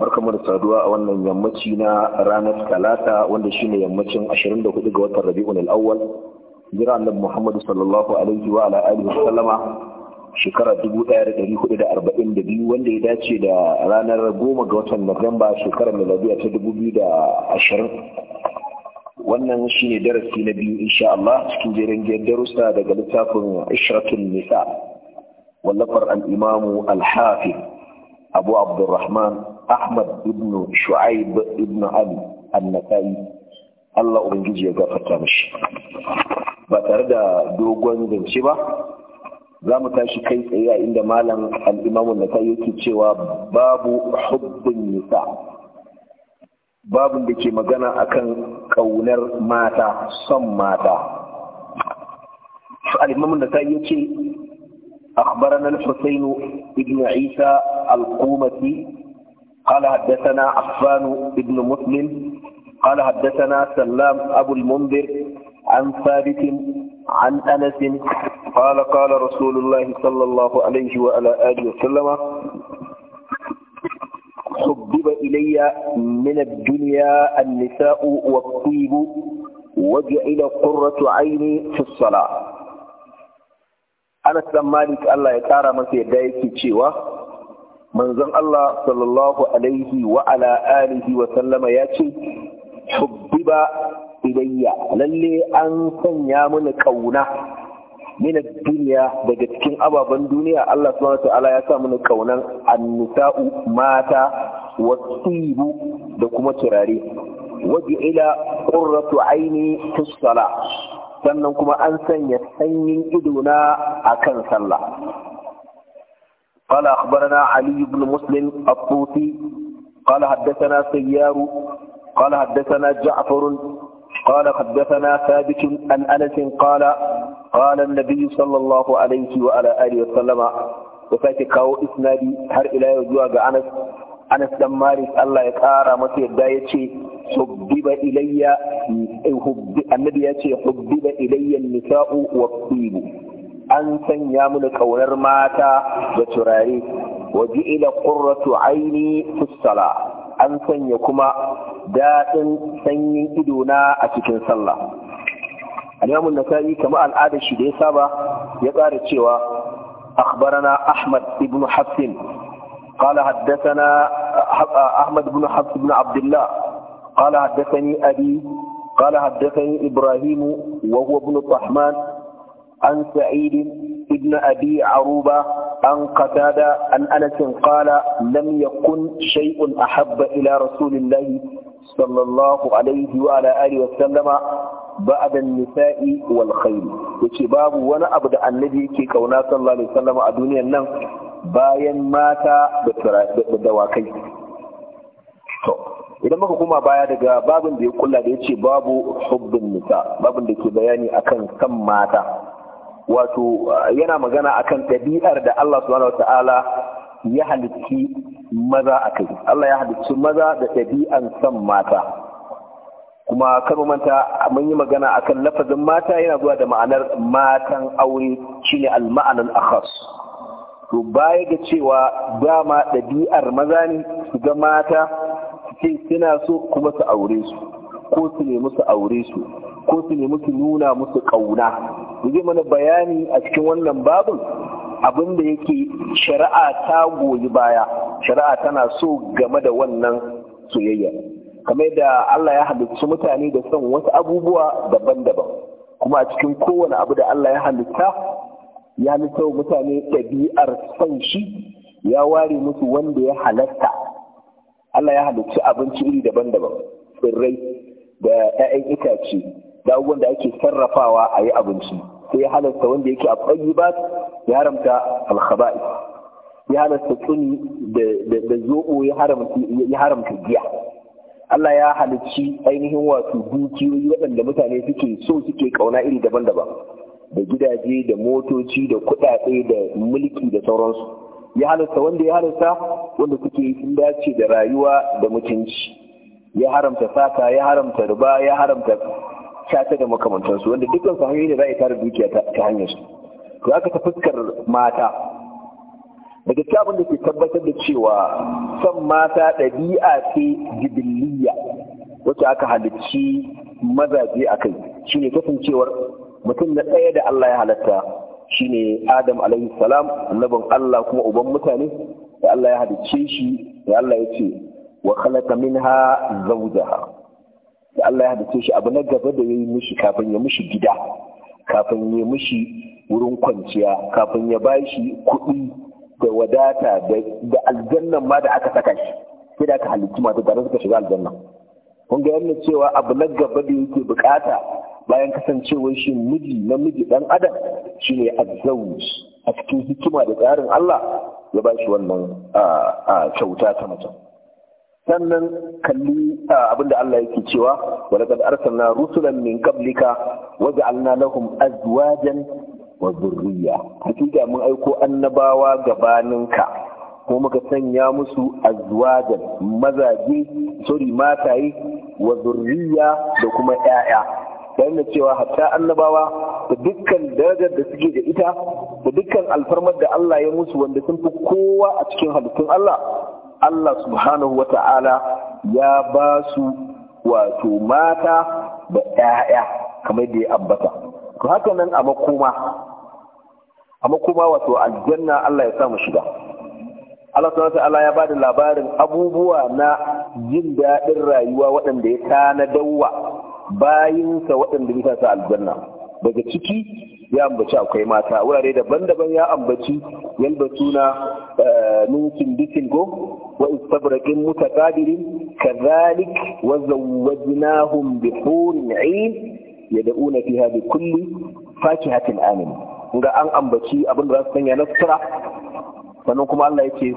barkamu da saduwa a wannan yammaci na ranar talata wanda shine yammacin 24 ga watan rabi'un al-awwal jira annabi Muhammad sallallahu alaihi wa ala alihi wa sallama shekara 1442 wanda ya dace da ranar 10 ga watan Nuwamba shekarar miladiya ta 2020 wannan shine darasi na biyu insha Allah cikin jerin darussa daga littafin Ishratul Nisa wallafar al-Imam al-Hafiz abu abdurrahman ahmad ibn shu'aib ibn ali annakai Allah ubangiji ya gafarta mishi ba tare da dogon zance ba za mu tashi kai tsaye a inda malam al'imamun da kai yake cewa babu hubbin nisa babun da ke magana akan kaunar mata son mata al'imamun da kai yake أخبرنا الحسين بن عيسى القومتي قال حدثنا عفان بن مسلم قال حدثنا سلام أبو المنذر عن ثابت عن أنس قال قال رسول الله صلى الله عليه وعلى آله وسلم حبب إلي من الدنيا النساء والطيب وجعل قرة عيني في الصلاة Anas dan Malik Allah ya kara masa yadda yake cewa manzon Allah sallallahu alaihi wa ala alihi wa sallama ya ce hubbiba ilayya lalle an sanya mini kauna min duniya daga cikin ababen duniya Allah subhanahu wa ta'ala ya sa mini kaunan annisa'u mata wasibu da kuma turare waje ila qurratu aini fi sannan kuma an sanya sanyin ido na akan sallah قال أخبرنا علي بن مسلم الطوسي قال حدثنا سيار قال حدثنا جعفر قال حدثنا ثابت عن أنس قال قال النبي صلى الله عليه وعلى آله وسلم وفاتك كاو إسنادي هر إلى يجوى أنس anas dan malik Allah ya kara masa yadda ya ce hubbiba ilayya annabi ya ce hubbiba ilayya nisa'u wa tibu an sanya mini kaunar mata da turare wa ila qurratu aini fi an sanya kuma daɗin sanyin idona a cikin sallah al-imam an-nasa'i kama al'ada shi da ya saba ya ƙara cewa akhbarana ahmad ibn hafsin قال حدثنا أحمد بن حفص بن عبد الله قال حدثني أبي قال حدثني إبراهيم وهو ابن الرحمن عن سعيد ابن أبي عروبة عن قتادة عن أنس قال لم يكن شيء أحب إلى رسول الله صلى الله عليه وعلى آله وسلم بعد النساء والخيل يتي باب وانا أبدا النبي كي كونا صلى الله عليه وسلم الدنيا النم bayan mata da dawakai to idan muka koma baya daga babin da ya kulla da ya ce babu hubbin nisa babin da ke bayani akan san mata wato yana magana akan ɗabi'ar da Allah subhanahu ta'ala ya halitti maza a kai Allah ya halitti maza da ɗabi'an san mata kuma kan manta mun yi magana akan lafazin mata yana zuwa da ma'anar matan aure shine al-ma'anan akhas to baya ga cewa dama ɗabi'ar maza ne su ga mata ce suna so kuma su aure su ko su nemi su aure su ko su nemi su nuna musu ƙauna zai mana bayani a cikin wannan babin abin da yake shari'a ta goyi baya shari'a tana so game da wannan soyayya kamar da Allah ya halicci mutane da son wasu abubuwa daban-daban kuma a cikin kowane abu da Allah ya halitta ya nuna mutane ɗabi'ar son shi ya ware musu wanda ya halatta Allah ya halicci abinci iri daban-daban tsirrai da 'ya'yan itace da abubuwan da ake sarrafawa a yi abinci sai ya halatta wanda yake a ba ya haramta alkhaba'i ya halatta tsuni da zoɓo ya haramta giya Allah ya halicci ainihin wato dukiyoyi waɗanda mutane suke so suke ƙauna iri daban-daban da gidaje da motoci da kuɗaɗe da mulki da sauransu ya halatta wanda ya halatta wanda suke sun dace da rayuwa da mutunci ya haramta saka ya haramta riba ya haramta shata da makamantansu wanda dukkan su hanyoyi ne za a tare dukiya ta hanyar su to aka ta fuskar mata daga cikin da ke tabbatar da cewa san mata ɗabi'a ce jibiliya wacce aka halicci mazaje a kai shine kasancewar mutum na ɗaya da Allah ya halatta shine Adam alaihi salam annabin Allah kuma uban mutane da Allah ya halicce shi da Allah ya ce wa khalaqa minha zawjaha da Allah ya halicce shi abu na gaba da yayi mishi kafin ya mishi gida kafin ya mishi wurin kwanciya kafin ya bashi kuɗi da wadata da aljannan ma da aka saka shi sai da aka halicci mata tare suka shiga aljanna kun ga yana cewa abu na gaba da yake bukata bayan kasancewar shi miji namiji dan adam shine azzawj a cikin hikima da tsarin Allah ya ba shi wannan kyauta ta mutum sannan kalli abinda Allah yake cewa wa laqad arsalna rusulan min qablika wa ja'alna lahum azwajan wa dhurriyya hakika mun aiko annabawa gabaninka ko muka sanya musu azwajan mazaje sori mataye wa dhurriyya da kuma 'ya'ya. tare da cewa hatta annabawa da dukkan darajar da suke da ita da dukkan alfarmar da Allah ya musu wanda sun fi kowa a cikin halittun Allah Allah subhanahu wa ta'ala ya ba su wato mata da ‘ya'ya kamar da ya ambata to haka nan a makoma a makoma wato aljanna Allah ya samu shiga Allah subhanahu wa ta'ala ya ba da labarin abubuwa na jin daɗin rayuwa waɗanda ya tanadawa bayinsa waɗanda bisa sa aljanna daga ciki ya ambaci akwai mata wurare daban-daban ya ambaci suna eh, nukin bikin ko wa istabraqin mutaqabilin kadhalik wa zawwajnahum bi hurin 'ain yad'una fiha bi kulli fakihatin amin ga an ambaci abin da za su sanya na sutura sannan kuma Allah yake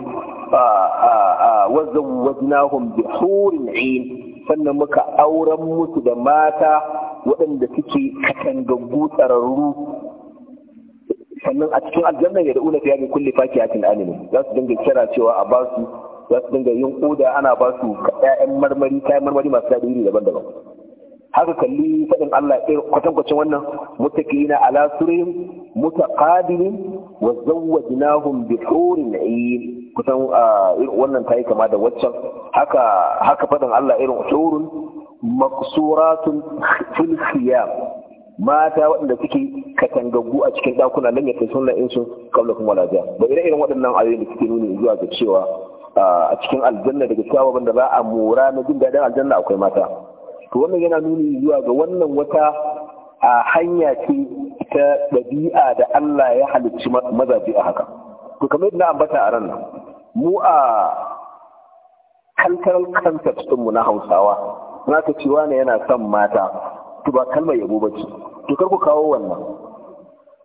ah, ah, ah, wa zawwajnahum bi hurin 'ain sannan muka auren musu da mata waɗanda suke katangaggu tsararru sannan a cikin aljanna ya una fiya bi kulli cikin alimin za su dinga kira cewa a ba za su dinga yin koda ana ba su ƴaƴan marmari kayan marmari masu daɗi daban-daban haka kalli faɗin Allah ɗaya kwatankwacin wannan mutakina ala surihim mutaqabilin wa zawwajnahum bi hurin ayn kusan ah, wannan tayi kama da waccan haka haka faɗin Allah irin hurun maqsuratun fil khiyam mata waɗanda suke katangagu a cikin ɗakuna nan ya sunna sunan insu kabla kuma lafiya ba ire irin waɗannan ayoyin da suke nuni zuwa ga cewa ah, a cikin aljanna daga cewa da za a mura na jin daɗin aljanna akwai mata to wannan yana nuni zuwa ga wannan wata a hanya ce ta ɗabi'a da Allah ya halicci mazaje a haka to kamar yadda na ambata a ran mu a cultural concepts ɗinmu na Hausawa na ka cewa ne yana son mata to ba kalmar yabo ba ce to kar ku kawo wannan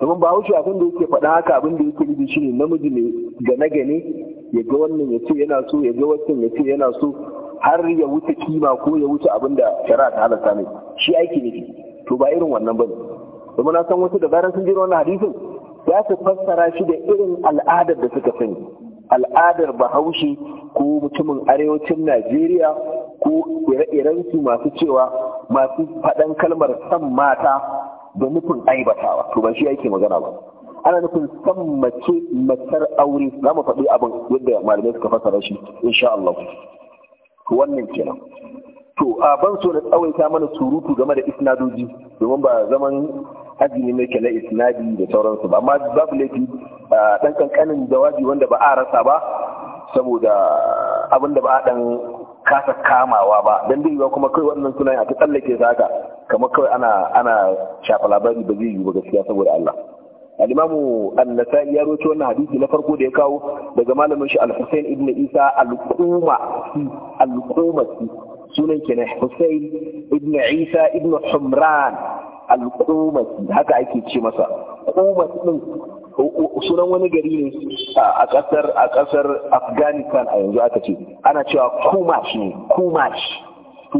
domin ba haushi abin da yake faɗa haka abin da yake nufi shine namiji ne gane gane ya ga wannan ya ce yana so ya ga wancan ya ce yana so har ya wuce kima ko ya wuce abin da shari'a ta halatta mai shi aiki ne to ba irin wannan bane kuma na san wasu da zarar sun jira wannan hadisin za su fassara shi da irin al'adar da suka sani al'adar bahaushe ko mutumin arewacin najeriya ko ire-irensu masu cewa masu faɗan kalmar san mata da nufin aibatawa to ba shi ake magana ba ana nufin san mace matar aure za mu faɗi abin yadda malamai suka fassara shi insha Allah wannan kenan to a ban so na tsawaita mana surutu game da isnadoji domin ba zaman azumi ne ke na isnadi da sauransu ba amma babu laifi dan kankanin jawabi wanda ba a rasa ba saboda abin da ba a dan kasa kamawa ba dan dai kuma kai wannan sunan a ta tsallake sa haka kamar kawai ana ana shafa labari ba zai yi ba gaskiya saboda Allah al-imamu an-nasa'i ya roce wannan hadisi na farko da ya kawo daga malamin shi al-husayn ibn isa al-qumasi al sunan kenan husayn ibn isa ibn humran al-qumasi haka ake ce masa qumasi din sunan wani gari ne a kasar a kasar afghanistan a yanzu aka ce ana cewa kumash ne kumash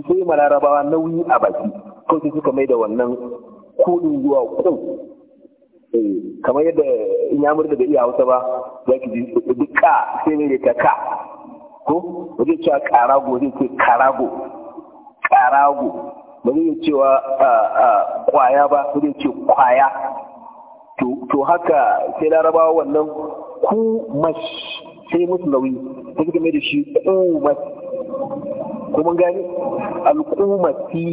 sai malarabawa nauyi a baki kawai suka mai da wannan kudin zuwa kun Eh, kamar yadda in ya murda da iya hausa ba za ki ji duk ka sai ne ta ka ko ba zai cewa karago zai ce karago karago ba zai cewa kwaya ba ba zai ce kwaya to haka sai larabawa wannan ku mas sai musu nauyi sai suka mai da shi ku mas ko mun gani al'ummati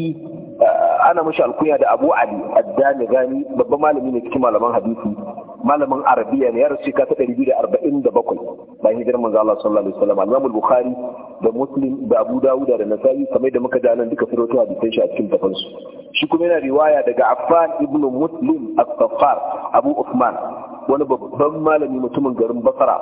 ana mashi alkunya da abu ali addani gani babban malami ne cikin malaman hadisi malamin arabiya ne ya rasu ka ta 247 bayan hijirar manzo Allah sallallahu alaihi wasallam al-Imam bukhari da Muslim da Abu Dawud da Nasa'i kamar da muka dana duka firoto hadisin shi a cikin tafansu shi kuma yana riwaya daga Affan ibn Muslim al saffar Abu Uthman wani babban malami mutumin garin Basra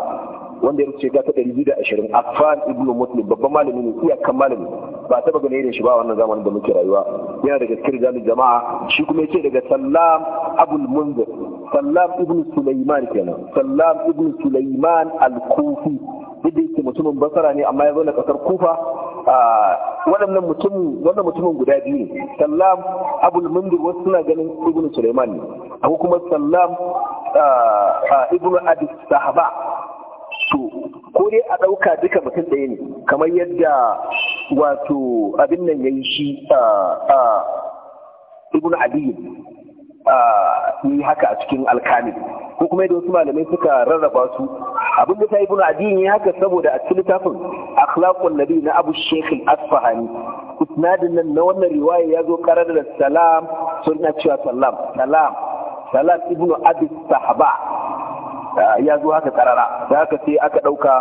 wanda ya rubuce gata ta ɗari biyu da ashirin affan ibn muslim babban malami ne iyakan malami ba taba gane irin shi ba wannan zamanin da muke rayuwa yana daga cikin rijalin jama'a shi kuma yace daga sallam abul munzir sallam ibn sulaiman kenan sallam ibn sulaiman al-kufi duk da mutumin basara ne amma ya zo na kasar kufa waɗannan mutum wannan mutumin guda biyu ne sallam abul mundir wasu suna ganin ibnu sulaiman ne Akwai kuma sallam ibnu abi sahaba to ko dai a ɗauka duka mutum ɗaya ne kamar yadda wato abin nan ya yi shi ibn adiyin yi haka a cikin alkami ko kuma yadda wasu malamai suka rarraba su abin da ta ibn adiyin yi haka saboda a cikin littafin akhlaqun nabi na abu al asfahani isnadin nan na wannan riwaya ya zo karar da salam sunna cewa salam salam salam ibn abi sahaba Ah, ya zo haka karara da haka sai aka ɗauka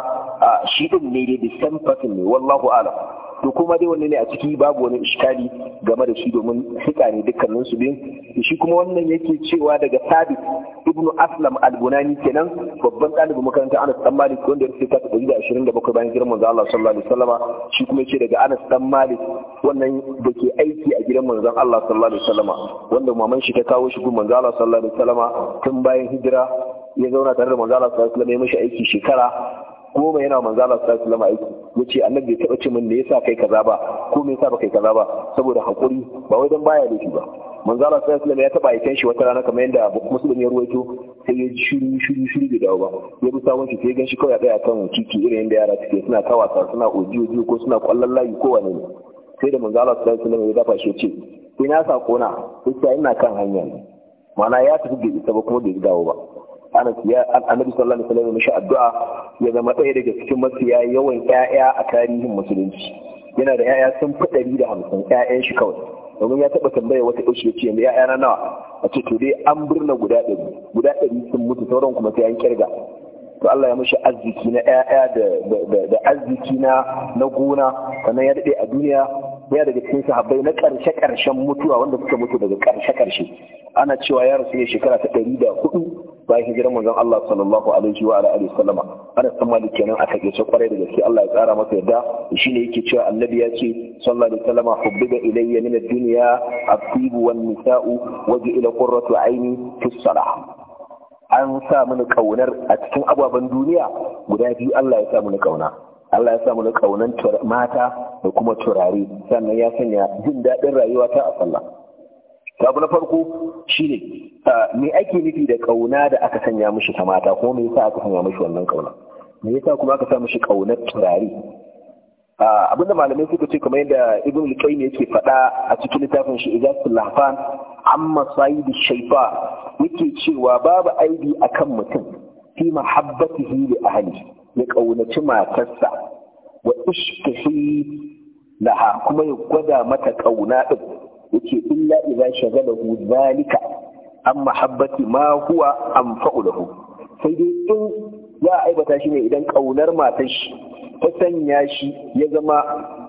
ah, shi ɗin ne da the same person ne wallahu alam to kuma dai wanne ne a ciki babu wani iskali game da shi domin fika ne dukkanin su biyun shi kuma wannan yake cewa daga sabit ibnu aslam al-bunani kenan babban ɗalibin makarantar anas dan malik wanda ya ta ɗari da ashirin da bakwai bayan gidan manzo allah sallallahu alaihi wasallama shi kuma yace daga anas dan malik wannan da ke aiki a gidan manzo allah sallallahu alaihi wasallama wanda maman shi ta kawo shi gun manzo allah sallallahu alaihi wasallama tun bayan hijira ya zauna tare da manzo allah sallallahu alaihi wasallama ya mishi aiki shekara goma yana manzo Allah sallallahu alaihi wasallam aiki yace annabi bai taba ce min me yasa kai kaza ba ko me yasa ba kai kaza ba saboda hakuri ba wai dan baya laifi ba manzo Allah sallallahu alaihi wasallam ya taba aikin shi wata rana kamar yanda musulmi ya ruwaito sai ya shiru shiru shiru da dawo ba ya bi sawon shi sai ya ganshi kawai a tsaya kan kiki irin yanda yara suke suna tawasa suna oji oji ko suna kwallon layi ko wane ne sai da manzo Allah sallallahu alaihi wasallam ya dafa shi ya ce ina sako na sai ina kan hanya ne ma'ana ya tafi da ita ba kuma bai dawo ba Anas ya Annabi sallallahu alaihi wasallam shi addu'a ya zama ɗaya daga cikin mafiya yawan ƴaƴa a tarihin musulunci yana da ƴaƴa sun fi ɗari da hamsin ƴaƴan shi kawai domin ya taɓa tambaya wata ɗauki ya ce yanzu ƴaƴa na nawa a ce to dai an birna guda ɗari guda ɗari sun mutu sauran kuma sai an kirga to Allah ya mishi arziki na ƴaƴa da arziki na na gona sannan ya daɗe a duniya ya daga cikin sahabbai na ƙarshe-ƙarshen mutuwa wanda suka mutu daga ƙarshe-ƙarshe ana cewa ya rasu ne shekara ta ɗari da hudu bayan hijirar manzon Allah sallallahu alaihi wa alihi wasallam Anas bin Malik kenan a takeice kwarai da gaske Allah ya tsara masa yadda shine yake cewa annabi ya ce sallallahu alaihi wasallam hubbiba ilayya min ad-dunya at wan nisa'u wa ila qurratu aini fi salah an sa mini kaunar a cikin ababen duniya guda biyu Allah ya sa mini kauna Allah ya sa mini kaunan mata da kuma turare sannan ya sanya jin daɗin rayuwa ta a sallah abu na farko ne, me ake nufi da ƙauna da aka sanya mishi ta mata ko me yasa aka sanya mishi wannan kauna me yasa kuma aka sa mishi kaunar turare Abin da malamai suka ce kamar yadda ibn al-qayyim yake faɗa a cikin littafin shi ijazatul lahfan amma Shaifa, shaifa yake cewa babu aibi akan mutum fi mahabbatihi li ahli ya ƙaunaci matarsa wa ishkihi laha kuma ya gwada mata ƙauna din yace illa idza shagalahu zalika an mahabbati ma huwa anfa'u lahu sai dai in ya aibata shi ne idan kaunar matar shi sanya shi ya zama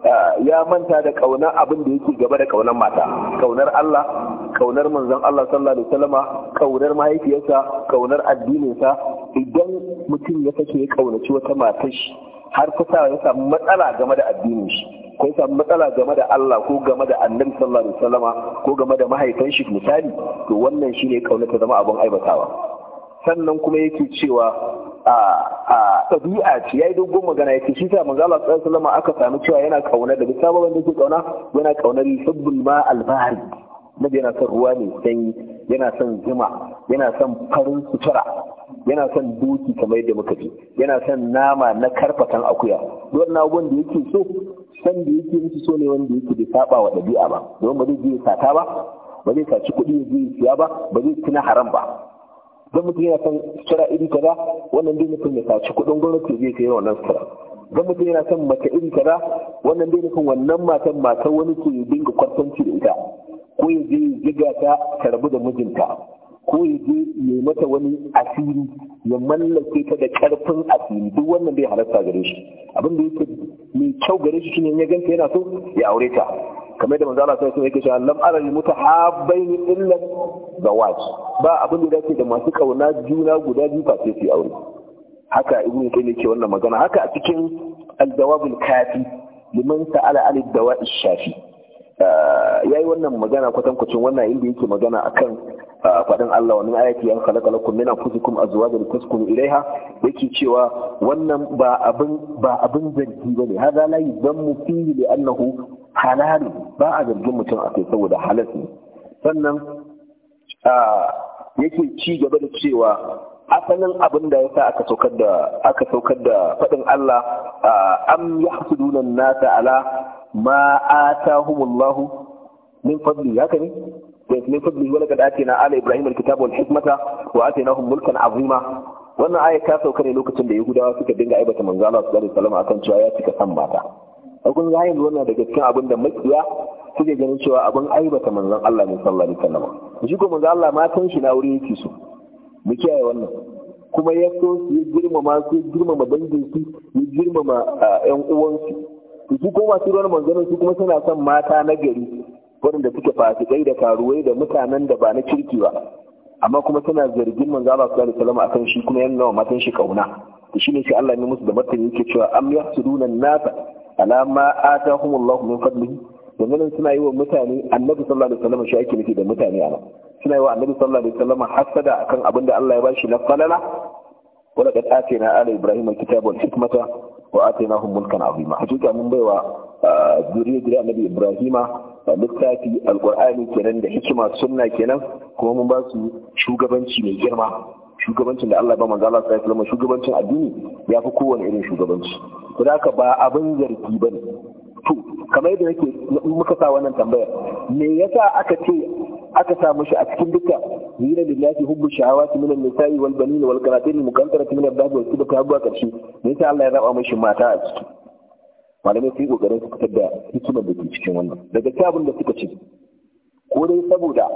ah, ya manta da kaunar abin da yake gaba da kaunar mata kaunar Allah kaunar manzon Allah sallallahu alaihi wasallama kaunar mahaifiyarsa kaunar addininsa idan mutum ya sake ya kaunaci wata matar shi har sa ya samu matsala game da addinin shi ko ya samu matsala game da Allah ko game da annabi sallallahu alaihi wasallama ko game da mahaifin shi misali to wannan shine kaunar ta zama abin aibatawa sannan kuma yake cewa a ɗabi'a ce ya yi dogon magana ya shi sa manzo Allah sallallahu alaihi aka samu cewa yana kauna daga sabon da yake kauna yana kaunar hubbul ma al-bahri nabi yana son ruwa mai sanyi yana son zuma yana son farin sutura yana son doki kamar yadda muka ji yana son nama na karfatan akuya Don abubuwan da yake so san da yake musu so ne wanda yake da saba wa ɗabi'a ba don ba zai je sata ba ba zai saci kuɗi ya je siya ba ba zai tuna haram ba don mutum yana son sura iri kaza wannan dai mutum ya saci kuɗin gwamnati zai kai wannan sutura don mutum yana son mace iri kaza wannan dai mutum wannan matan mata wani ke dinga kwatanci da ita ko ya je ya ta ta rabu da mijinta ko ya je ya mata wani asiri ya mallake ta da karfin asiri duk wannan bai halarta gare shi abin da yake mai kyau gare shi shine ya ganta yana so ya aure ta kamar da manzala sai sun yake cewa lam arani mutahabbain illa zawaj ba abin da yake da masu kauna juna guda biyu ba sai su aure haka ibnu qayyim yake wannan magana haka a cikin al-jawab al-kafi liman sa'ala an ad shafi eh, yayi wannan magana kwatankwacin wannan inda yake magana akan eh, faɗin Allah wannan ayati yan khalaqa lakum min anfusikum azwajan litaskunu ilaiha yake cewa wannan ba abin ba abin zargi bane hada la yadammu fihi li annahu halalu ba a zargin mutum a kai saboda halas ne sannan yake ci gaba da cewa asalin abin da yasa aka saukar da aka saukar da faɗin Allah am yahsuduna nasa ala ma atahumullahu min fadli haka ne min fadli wala kad atina ala ibrahim alkitaba wal hikmata wa atainahum mulkan azima wannan aya ta sauka ne lokacin da yahudawa suka dinga aibata manzo Allah sallallahu alaihi wasallam akan cewa ya cika san mata kun ya yi wannan daga cikin abin da makiya suke ganin cewa abin aibata manzon Allah ne sallallahu alaihi wasallam shi ko manzon Allah matan shi na wuri yake so mu kiyaye wannan kuma ya so ya girmama su ya girmama dangin su ya girmama 'yan uwansu to su kuma su ruwan manzon su kuma suna son mata na gari waɗanda suke fasikai da karuwai da mutanen da ba na kirki ba amma kuma suna zargin manzo Allah sallallahu alaihi wasallam akan shi kuma yana matan shi kauna to shine shi Allah ne musu da martani yake cewa am yahsuduna nasa alama atahum Allah min fadlihi domin suna yi wa mutane annabi sallallahu alaihi wasallam shi ake nufi da mutane a suna yi wa annabi sallallahu alaihi wasallam hasada akan abin da Allah ya bashi na falala wala qad atina ala ibrahim alkitaba wal hikmata wa atainahum mulkan azima hakika mun baiwa ah, zuriya zuriya annabi ibrahima ah, littafi alqur'ani kenan da hikima sunna kenan kuma mun ba su shugabanci mai girma shugabancin da Allah ba manzo Allah sallallahu alaihi shugabancin addini ya fi kowane irin shugabanci to haka ba abin zargi bane to kamar yadda nake muka sa wannan tambayar me yasa aka ce aka sa shi a cikin duka hira da lafi hubbu shahawati minan nisa'i wal banin wal qanatin muqantara min al-dhahab wal fidda ta akashi me yasa Allah ya raba mishi mata a ciki malamai sai kokarin su fitar da hikimar da ke cikin wannan daga abin da suka ce ko dai saboda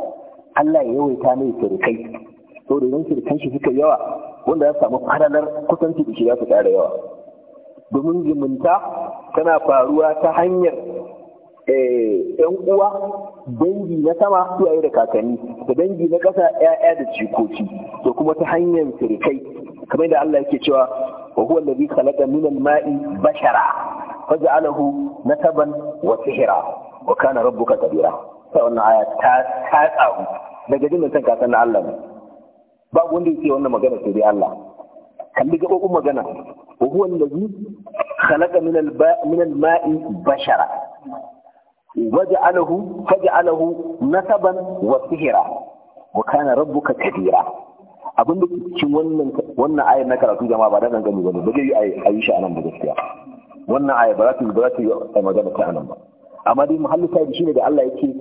Allah ya yawaita mai surukai to da yanki da kanshi suka yawa wanda ya samu fadalar kusanci da shi za su ƙara yawa domin zumunta tana faruwa ta hanyar eh, ‘yan uwa dangi na sama iyaye da kakanni da dangi na ƙasa ‘ya'ya da cikoki, da kuma ta hanyar sirikai kamar da Allah yake cewa wa huwa allazi khalaqa min al-ma'i bashara ja'alahu nasaban wa sihra wa kana rabbuka kabira sai wannan aya ta ta daga jinin san kasan Allah ne babu wanda yake wannan magana sai dai Allah kalli gabobin magana wa huwa allazi khalaqa min min al-ma'i bashara waja'alahu faja'alahu nasaban wa sihra wa kana rabbuka kadira abin da cikin wannan wannan ayar na karatu jama'a ba da nan gani bane ba zai yi ayi shi anan ba gaskiya wannan ayar ba za ta yi ba za ta yi magana ta anan ba amma dai muhallu shi ne da Allah yake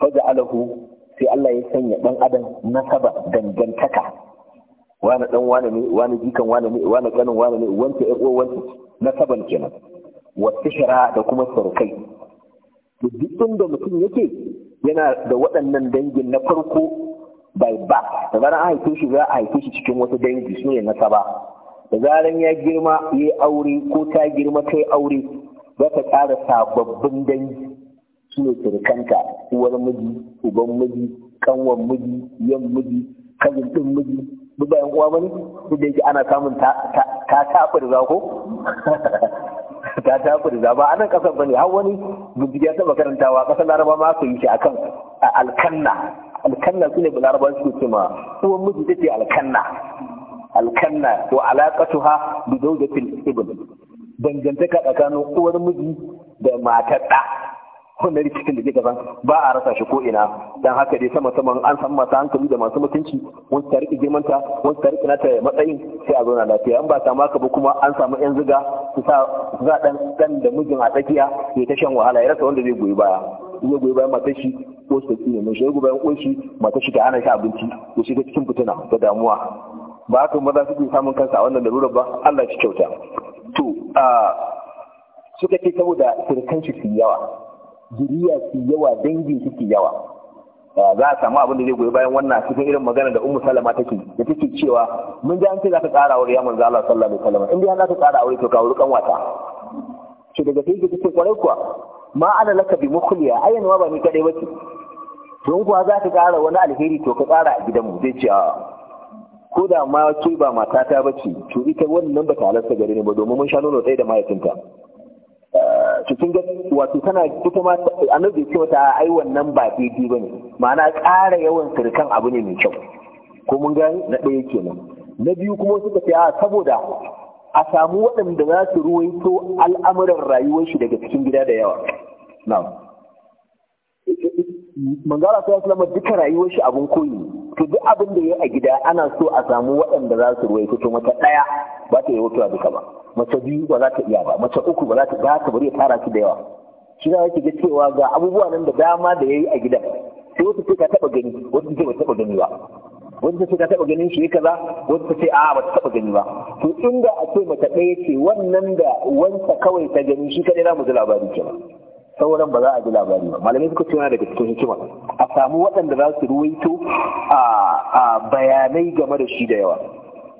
faja'alahu sai Allah ya sanya ɗan adam nasaba dangantaka wani ɗan wani ne wani jikan wani ne wani kanin wani ne wanda ya ko nasaban kenan wa shara da kuma surkai to duk inda mutum yake yana da waɗannan dangin na farko by ba da zaran an haife shi za a haife shi cikin wasu dangi su ne nasaba da zaran ya girma ya yi aure ko ta girma ta aure za ta ƙara sababbin dangi su ne surukanka uwar miji uban miji kanwan miji yan miji kajin din miji duk bayan uwa bane duk da yake ana samun ta ta da ko ta ta da ba a nan kasar bane har wani bincike ta makarantawa kasar laraba ma su yi shi akan alkanna alkanna su ne laraba su ce ma uwan miji ta ce alkanna alkanna wa alaqatuha bi zawjatil ibn dangantaka tsakanin uwar miji da matar da wannan cikin da ke gaban ba a rasa shi ko ina don haka dai sama saman an san masu hankali da masu mutunci wani ta rike girman ta wani ta rike nata matsayin sai a zauna lafiya an ba samu haka ba kuma an samu yan ziga su sa za sa dan dan da mijin a tsakiya ya ta shan wahala ya rasa wanda zai goyi baya ya goyi bayan matar shi ko su ne mai shi goyi bayan ƙoshi matar shi ta hana shi abinci ko shi ta cikin fitina da damuwa ba haka maza su suke samun kansa a wannan lalurar ba Allah shi kyauta to a ah, suka ce saboda sirkan shi yawa zuriya su yawa dangin su ke yawa za a samu abin da zai goyi bayan wannan cikin irin magana da ummu salama take da take cewa mun ji an ce za ka tsara aure ya manzo Allah sallallahu alaihi wasallam in dai za ka tsara aure to ka wuri kan wata ce daga sai ki take kwarai kuwa ma ana laka bi mukhliya ayyan ma ba ni kadai bace don kuwa za ka tsara wani alheri to ka tsara a gidanmu zai ce a ko da ma ke ba matata bace to ita wannan ba ta halarta gare ni ba domin mun sha nono ɗaya da mahaifinta cikin gaske wato tana ita ma annabi bai ce mata ai wannan ba daidai bane ma'ana ƙara yawan sirkan abu ne mai kyau ko mun gani na ɗaya kenan na biyu kuma suka ce a saboda a samu waɗanda za su ruwaito al'amuran rayuwar shi daga cikin gida da yawa na mangala sallallahu alaihi duka rayuwar shi abun koyi to duk abin da ya a gida ana so a samu waɗanda za su ruwaito to mace ɗaya ba ta yi wakiwa duka ba mace biyu ba za ta iya ba mace uku ba za ta ba ta bari ya tara su da yawa shi za ki ga cewa ga abubuwa nan da dama da ya yi a gidan sai wata ce ka taɓa gani wata ce ba taɓa gani ba wata ce ka taɓa ganin shi kaza wata ce a ba ta taɓa gani ba to inda a ce mace ɗaya ce wannan da wanta kawai ta gani shi kaɗai za mu ji labari kenan sauran ba za a ji labari ba malamai suka cewa daga cikin hikima a samu waɗanda za su ruwaito a bayanai game da shi da yawa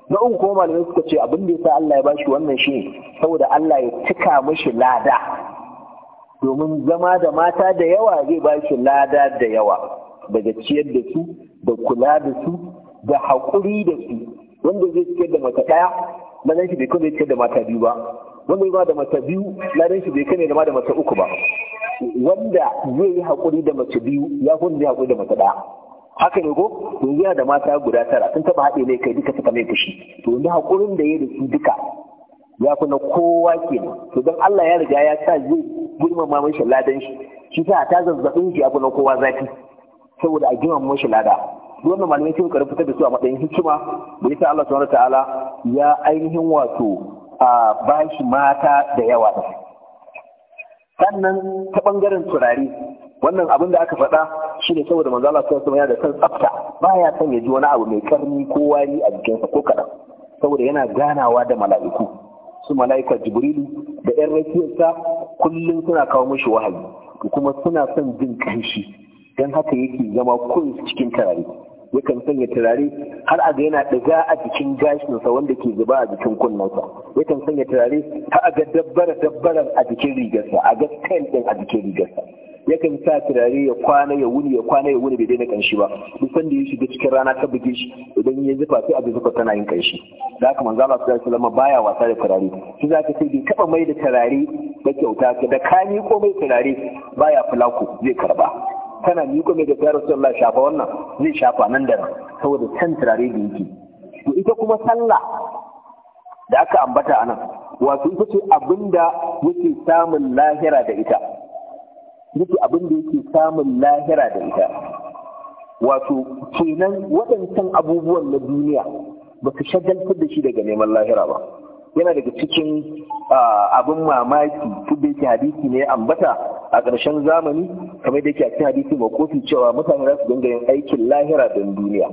na uku kuma malamai suka ce abin da yasa Allah ya bashi wannan shi saboda Allah ya cika mishi lada domin zama da mata da yawa zai ba shi lada da yawa daga ciyar da su da kula da su da haƙuri da su wanda zai ciyar da mata ɗaya ba zai shi ciyar da mata biyu ba wanda ya da mace biyu ladan shi bai kai ne da ma da mace uku ba wanda zai yi haƙuri da mace biyu ya kun zai haƙuri da mace ɗaya haka ne ko to yana da mata guda tara sun taɓa haɗe ne kai duka suka mai fushi to yanzu haƙurin da ya da su duka ya kuna kowa ke. to don Allah ya riga ya sa zai girmama mashi ladan shi shi ta ta zazzabin shi ya kuna kowa zafi saboda a girmama mashi lada wannan malamai sun karfi fitar da su a matsayin hikima da yasa Allah subhanahu ta'ala ya ainihin wato A bashi mata da yawa sannan ta ɓangaren turare wannan abin da aka faɗa shi ne saboda manzo Allah sallallahu alaihi da san tsafta ya son ya ji wani abu mai karni ko wari a jikinsa ko kaɗan saboda yana ganawa da mala'iku su mala'ika jibrilu da yan rafiyarsa kullum suna kawo mashi wahayi kuma suna son jin ƙanshi don haka yake zama kun cikin turare yakan sanya turare har a ga yana ɗiga a jikin gashinsa wanda ke zuba a jikin kunnensa yakan sanya turare har a ga dabbara dabbaran a jikin rigarsa a ga stain ɗin a jikin rigarsa yakan sa turare ya kwana ya wuni ya kwana ya wuni bai daina kanshi ba duk sanda ya shiga cikin rana ta buge shi idan ya zufa sai abin zufa tana yin kanshi da haka manzo Allah sallallahu alaihi wasallam baya wasa da turare shi zaka ce bai taba mai da turare da kyauta da kani komai turare baya fulako zai karba kana miƙo mai gaskiya Allah shafa wannan zai shafa nan da nan saboda can turare da yake to ita kuma sallah da aka ambata anan, nan wato ita ce abin yake samun lahira da ita yake abin yake samun lahira da ita wato kenan waɗancan abubuwan na duniya ba su shagaltar da shi daga neman lahira ba yana daga cikin ah, abin mamaki duk da yake hadisi ne ambata a ƙarshen zamani kamar da yake a cikin hadisi kofi cewa mutane za su dinga yin aikin lahira don duniya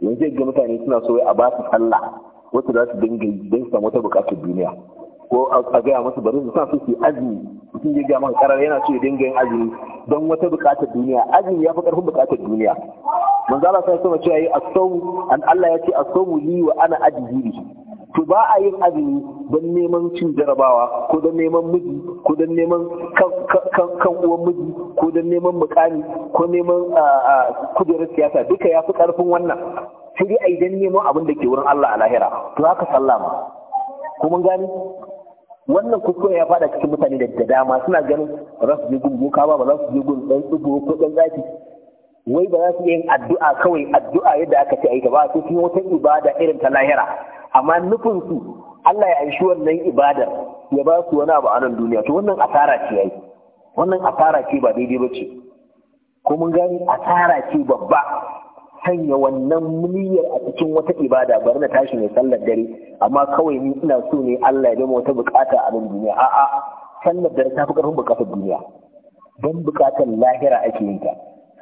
yanzu zai ga mutane suna so a ba su sallah wasu za su dinga yi don samu wata buƙatar duniya ko a gaya musu bari su sa su yi azumi mutum ya gaya maka karar yana so ya dinga yin azumi don wata buƙatar duniya azumi ya fi ƙarfin buƙatar duniya manzo Allah sai sama cewa yi as an Allah ya ce as-sawm li wa ana ajzi to ba a yin azumi don neman cin jarabawa ko don neman miji ko don neman kan uwan miji ko don neman mukami ko neman kujerar siyasa duka ya fi karfin wannan sai dai a idan neman abin da ke wurin Allah a lahira to haka sallama ko mun gani wannan kuskure ya fada cikin mutane da dama suna ganin rasu je gun ba za su je dan ko dan zaki wai ba za su yin addu'a kawai addu'a yadda aka ce aika ba su sun wata ibada irin ta lahira amma nufin su Allah ya aishi wannan ibadar ya ba su wani abu a nan duniya to wannan asara ce yayi wannan asara ce ba daidai ba ce ko mun gani asara ce babba sanya wannan muniyar a cikin wata ibada bari na tashi mai sallar dare amma kawai ni ina so ne Allah ya dama wata bukata a nan duniya a'a sallar dare ta fi karfin bukatar duniya don bukatar lahira ake yin ta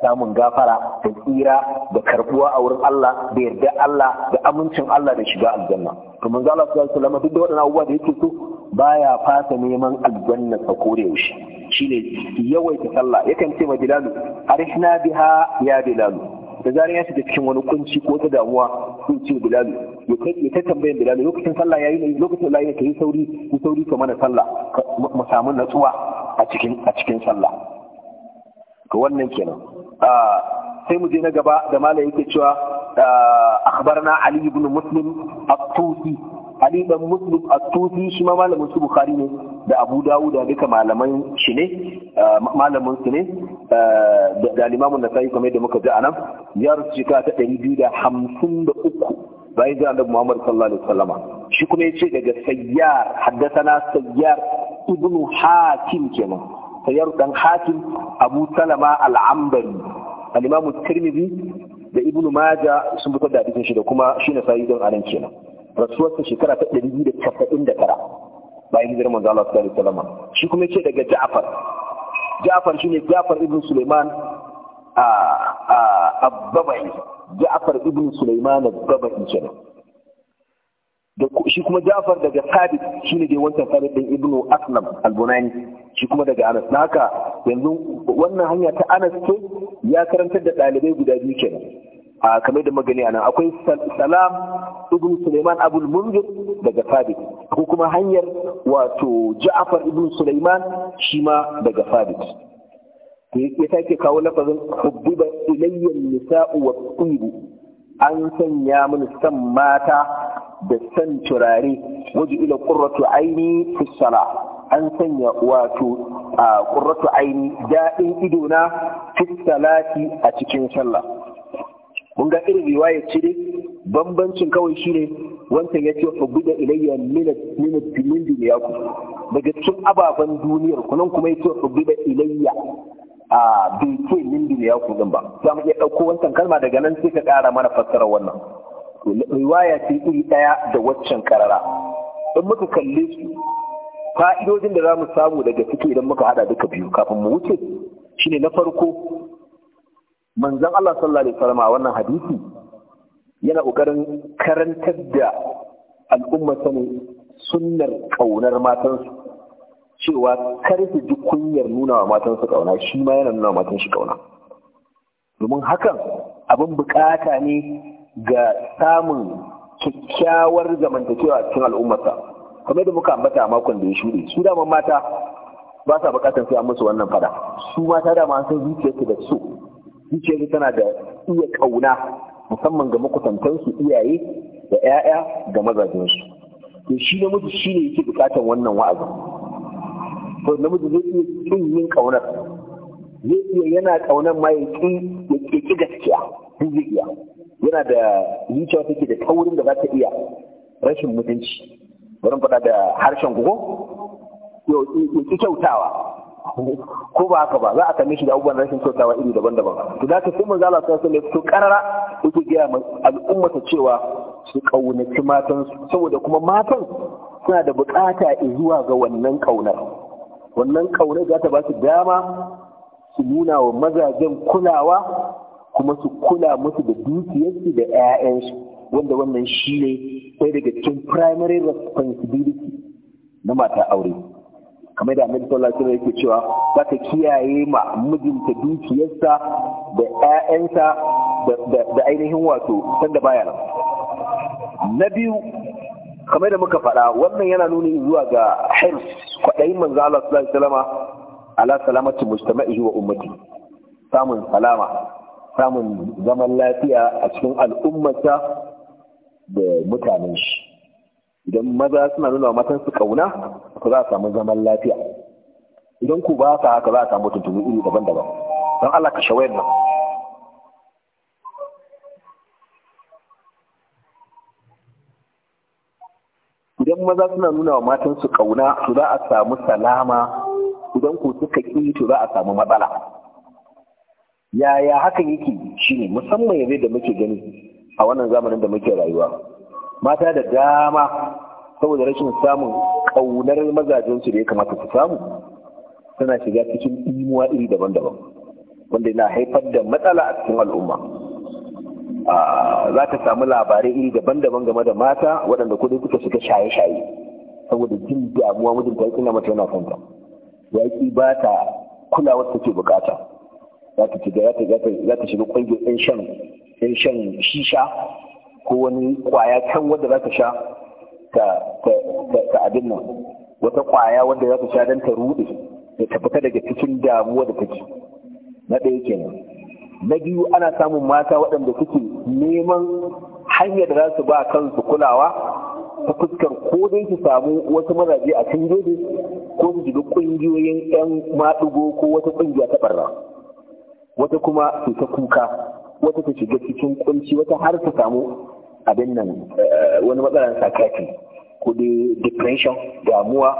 samun gafara da tsira da karbuwa a wurin Allah da yarda Allah da amincin Allah da shiga aljanna to manzo Allah sallallahu alaihi wasallam duk da waɗannan abubuwa da yake so baya fasa neman aljanna a kore Shi shine yawaita sallah yakan ce ma Bilal arihna biha ya Bilal da zarin ya shiga cikin wani kunci ko ta damuwa sun ce Bilal ya kai ta tambayin Bilal lokacin sallah yayi ne lokacin sallah yake yi sauri ku sauri ka mana sallah mu samu natsuwa a cikin a cikin sallah to wannan kenan ah, sai mu je na gaba da malai yake cewa ah, akhbarna ali ibn muslim at-tusi ali ibn muslim at-tusi shi ma malamin su bukhari ne da abu dawud da duka malaman shi ne ah, malamin su ne da al na sai kuma kamar da muka ji anan ya rubuta ta 253 bayan da annabi Muhammad sallallahu alaihi wasallama shi kuma yace daga Sayyar haddathana Sayyar ibn Hakim kenan sayar dan hakim abu salama al-ambari al tirmidhi da ibnu maja sun fitar da hadisin shi da kuma shi na don anan kenan rasuwarsa shekara ta ɗari biyu da da tara bayan hijirar manzo Allah sallallahu alaihi wasallam shi kuma yace daga Ja'far Ja'far shine Ja'far ibn Sulaiman a ah, a ah, Abbabai Ja'far ibn Sulaiman al-Babai kenan da shi kuma Ja'far daga Thabit shine dai wancan Thabit din Ibnu Aslam al-Bunani shi kuma daga Anas na haka yanzu wannan hanya ta Anas ce ya karantar da ɗalibai guda biyu kenan a kamar da magani anan akwai Salam Ibn Sulaiman Abul Munzir daga Thabit ko kuma hanyar wato Ja'far Ibn Sulaiman shi ma daga Thabit ya take kawo lafazin hubbiba ilayyan nisa'u wa tsibu an sanya mini san mata da san turare waje ila qurratu aini fi sala an sanya wato qurratu aini daɗin idona fi salati a cikin sallah mun ga irin riwaya ce dai bambancin kawai shine wancan yace da ilayya min min ku daga cikin ababen duniyar ku nan kuma yace da ilayya a bai ce min ku din ba za mu iya ɗauko wancan kalma daga nan sai ka ƙara mana fassarar wannan riwaya ce iri ɗaya da waccan karara in muka kalli su fa'idojin da za mu samu daga ciki idan muka hada duka biyu kafin mu wuce shine na farko manzon Allah sallallahu alaihi wasallam a wannan hadisi yana kokarin karantar da al'umma sani sunnar kaunar matansu cewa kar su ji kunyar nuna wa matansu kauna shi ma yana nuna wa matan shi domin hakan abin bukata ne ga samun kyakkyawar zamantakewa a cikin al'ummarsa kamar da muka ambata a makon da ya shuɗe su dama mata ba sa buƙatar sai an musu wannan fada su mata dama san zuciyarsu da so su tana da iya ƙauna musamman ga makusantansu iyaye da 'ya'ya ga mazajensu to shi namiji shi ne yake buƙatar wannan wa'azin to namiji zai iya ƙin yin ƙaunar, zai iya yana ƙaunar ma ya ƙi gaskiya zai iya yana da zuciya take da kaurin da za ta iya rashin mutunci bari faɗa da harshen kuko yau kyautawa ko ba haka ba za a kame shi da abubuwan rashin kyautawa iri daban-daban to da ka sai mun Allah sai sai wasallam karara yake gaya al'ummata cewa su kaunaci matan saboda kuma matan suna da bukata i zuwa ga wannan kaunar wannan kaunar za ta ba su dama su nuna wa mazajen kulawa kuma su kula musu da dukiyarsu da 'ya'yansu wanda wannan shi ne ɗaya daga cikin primary responsibility na mata aure kamar da annabi sallallahu sun yake cewa za ta kiyaye ma mijinta dukiyarsa da 'ya'yansa da ainihin wato sanda baya nan na biyu kamar da muka faɗa wannan yana nuni zuwa ga hirs kwaɗayin manzo Allah sallallahu alaihi wasallama ala salamati mujtama'ihi wa ummati samun salama samun zaman lafiya a cikin al'ummata da mutanen shi idan maza suna nuna matan su kauna ku za a samu zaman lafiya idan ku ba ka haka za a samu tuntuni iri daban-daban don Allah ka shawai nan idan maza suna nuna wa matansu kauna to za a samu salama idan ku suka ƙi to za a samu matsala yaya hakan yake shine musamman yanzu da muke gani a wannan zamanin da muke rayuwa mata da dama saboda rashin samun ƙaunar mazajensu da ya kamata su samu suna shiga cikin imuwa iri daban-daban wanda yana haifar da matsala a cikin al'umma za ka samu labarai iri daban-daban game da mata waɗanda kudin suka shiga shaye-shaye saboda jin damuwa mijinta ya kuna mata yana fanta ya ki ba ta kulawar take bukata za ta shiga za ta shiga ɗin shan ɗin shan shisha ko wani kwaya kan wanda za ta sha ta abin nan wata kwaya wanda za ta sha don ta rude ta fita daga cikin damuwa da take na ɗaya kenan na biyu ana samun mata waɗanda suke neman hanyar da za su ba kansu kulawa ta fuskar ko dai su samu wasu mazaje a can ko su shiga ƙungiyoyin 'yan maɗugo ko wata ƙungiya ta barra wata kuma ta kuka wata ta shiga cikin kunci wata har ta samu abin nan eh, wani matsalar sakati ko da depression damuwa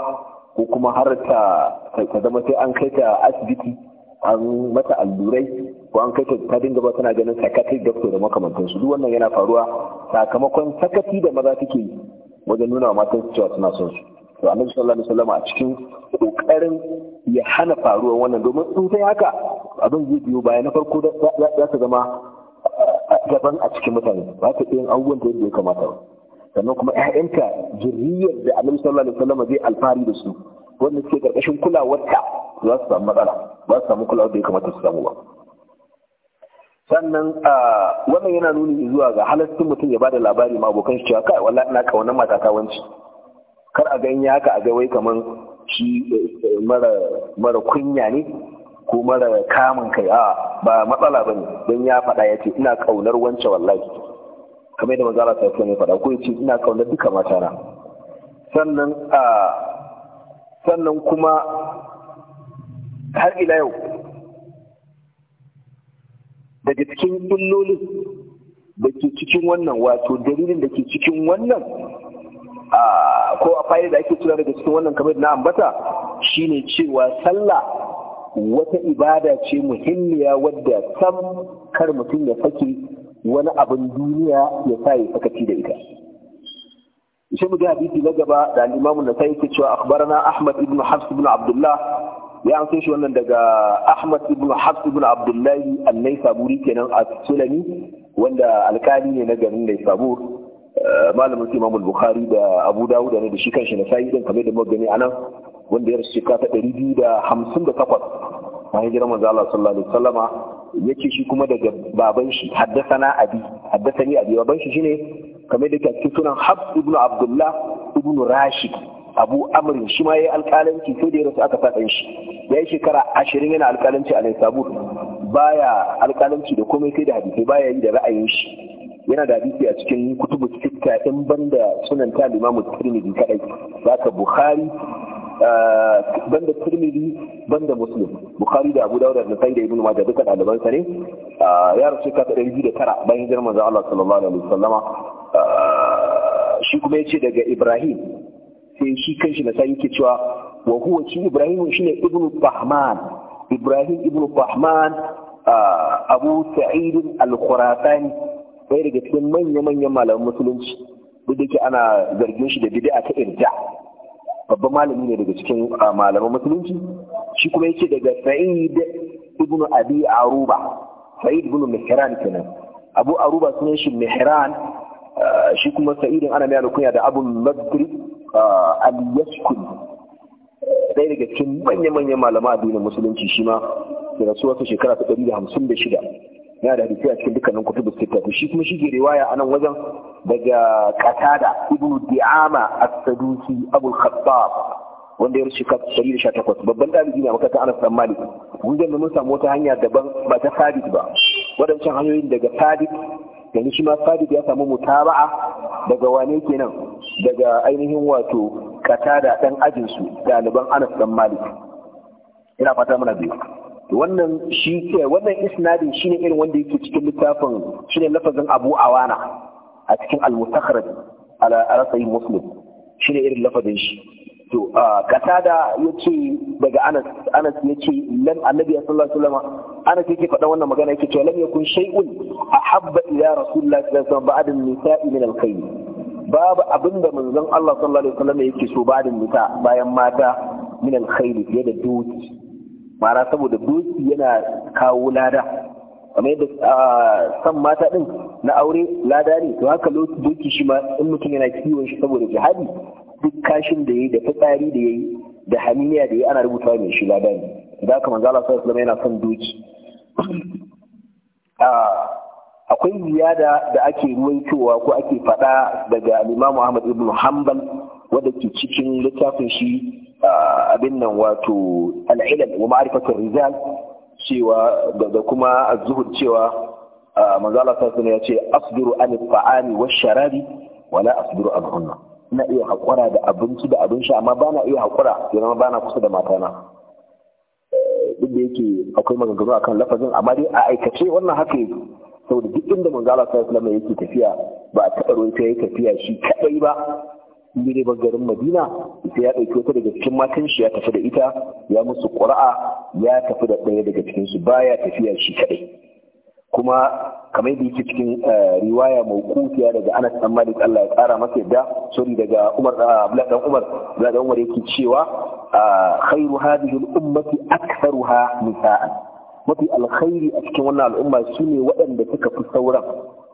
ko kuma har ta zama sai an kai ta asibiti an mata allurai ko an kai ta dinga ba tana ganin sakati doctor da makamantansu duk wannan yana faruwa sakamakon sakati da maza take yi wajen nuna wa matan cewa suna son su to annabi sallallahu alaihi wasallam a cikin kokarin ya hana faruwar wannan domin in sai haka abin zai biyo baya na farko za ta zama daban a cikin mutane ba ta yin abubuwan da yadda ya kamata ba sannan kuma ƴaƴanka jiriyar da annabi sallallahu alaihi wasallam zai alfahari da su wanda suke karkashin kulawarta za su samu matsala ba su samu kulawar da ya kamata su samu ba sannan wannan yana nuni zuwa ga halattun mutum ya bada labari ma abokan shi cewa kai wallahi ina kaunar matakawanci. wanci kar a ganye haka a gawai kamar shi eh, mara kunya ne ko mara kamun kai a ba matsala ba ne don ya faɗa ya ce ina ƙaunar wancan wallahi kamar yadda manzala ta ne faɗa ko ya ce ina ƙaunar duka mata na sannan a sannan kuma har ila yau daga cikin illolin da ke cikin wannan wato dalilin da ke cikin wannan ko a fa'ida da ake tura daga cikin wannan kamar na ambata shine cewa sallah wata ibada ce muhimmiya wadda sam kar mutum ya fake wani abin duniya ya sa ya sakaci da ita sai mu ga hadisi na gaba da al-Imam an ke yake cewa akhbarana Ahmad ibn Hafs ibn Abdullah ya an shi wannan daga Ahmad ibn Hafs ibn Abdullah an-Naisaburi kenan a Sulami wanda alkali ne na garin Naisabur malamin su imamul bukhari da abu dawuda ne da shi kanshi na sayi din kamar da magani anan wanda ya rasu shekara ta ɗari biyu da hamsin da takwas bayan hijirar manzo Allah sallallahu alaihi wasallama yace shi kuma daga baban shi haddathana abi haddathani abi baban shi shine kamar da cikin sunan hab ibnu abdullah ibnu rashid abu amrin shi ma yayi alƙalanci sai da ya rasu aka faɗa shi yayi shekara ashirin yana alƙalanci a Naisabur baya alƙalanci da komai sai da hadisi baya yi da ra'ayin shi yana da hadisi a cikin kutu. duka in banda sunan ta limamu tirmidhi kadai zaka bukhari ah, banda tirmidhi banda muslim bukhari da abu dawud da nasai da ibnu majah duka daliban sa ne ah, ya rasu ka da tara, bayan hijirar manzo Allah sallallahu alaihi wasallama ah, shi kuma yace daga ibrahim sai shi kanshi nasai yake cewa wa huwa shi ibrahim shine ibnu bahman ibrahim ibnu bahman abu sa'id al-khurasani ɗaya daga cikin manya-manyan malaman musulunci duk da ke ana zargin shi da bid'a ta irja babban malami ne daga cikin ah, malaman musulunci shi kuma yake daga sa'id ibn abi aruba sa'id ibn mihran kenan abu aruba sunan shi mihran ah, shi kuma sa'idin ana mai alkunya da abu madri ah, al-yaskun ɗaya daga cikin manya-manyan malama addinin musulunci shi ma da ta shekara ta 156 yana da hadisi a cikin dukkanin kutubu sita to shi kuma shige ke riwaya a nan wajen daga qatada ibnu di'ama as-sadusi abul khattab wanda ya rushe shari'a sha takwas babban dalibi ne a makarantar anas dan malik mun ga mun samu wata hanya daban ba ta sabit ba waɗancan hanyoyin daga sabit yanzu shi ma sabit ya samu mutaba'a daga wane kenan daga ainihin wato qatada dan ajinsu ɗaliban anas dan malik ina fata muna biyu wannan shi wannan isnadin shine irin wanda yake cikin littafin shine lafazin Abu Awana a cikin al-Mustakhraj ala arsahi Muslim shine irin lafazin shi to katada yace daga Anas Anas yace lan annabi sallallahu alaihi wasallam Anas yake faɗa wannan magana yake cewa lam yakun shay'un ahabba ila rasulillah sallallahu alaihi wasallam ba'da nisai min al-khayr babu abinda manzon Allah sallallahu alaihi wasallam yake so ba'da nisa bayan mata min al-khayr fiye da mara saboda doki yana kawo lada kamar yadda san mata din na aure lada ne to haka doki shi ma in mutum yana kiwon shi saboda jihadi duk kashin da yayi da fitsari da yayi da haniniya da yayi ana rubuta mai shi lada ne da haka manzo Allah sallallahu alaihi yana son doki akwai ziyada da ake ruwaitowa ko ake faɗa daga Imam Ahmad ibn Hanbal wanda ke cikin littafin shi abin nan wato al'ilal wa ma'arifatar rizal cewa da kuma az-zuhud cewa manzo Allah sallallahu ya ce asbiru an fa'ani wa sharabi wala asbiru an hunna ina iya hakura da abinci da abin sha amma bana iya hakura yana bana kusa da matana duk da yake akwai maganganu akan lafazin amma dai a aikace wannan haka yake saboda duk inda manzo Allah yake tafiya ba a taɓa ruwa ya tafiya shi kadai ba in ba garin madina sai ya ɗauki wata daga cikin matan shi ya tafi da ita ya musu ƙura'a ya tafi da ɗaya daga cikin su baya tafiya shi kaɗai kuma kamar da yake cikin eh, riwaya mawqufiya daga Anas dan Malik Allah ya tsara masa yadda sori daga Umar ah, Abdullah dan Umar Abdullah dan Umar yake cewa ah, khairu hadhihi al-ummati aktharuha nisa'an mafi alkhairi a cikin wannan al'umma shine waɗanda suka fi sauran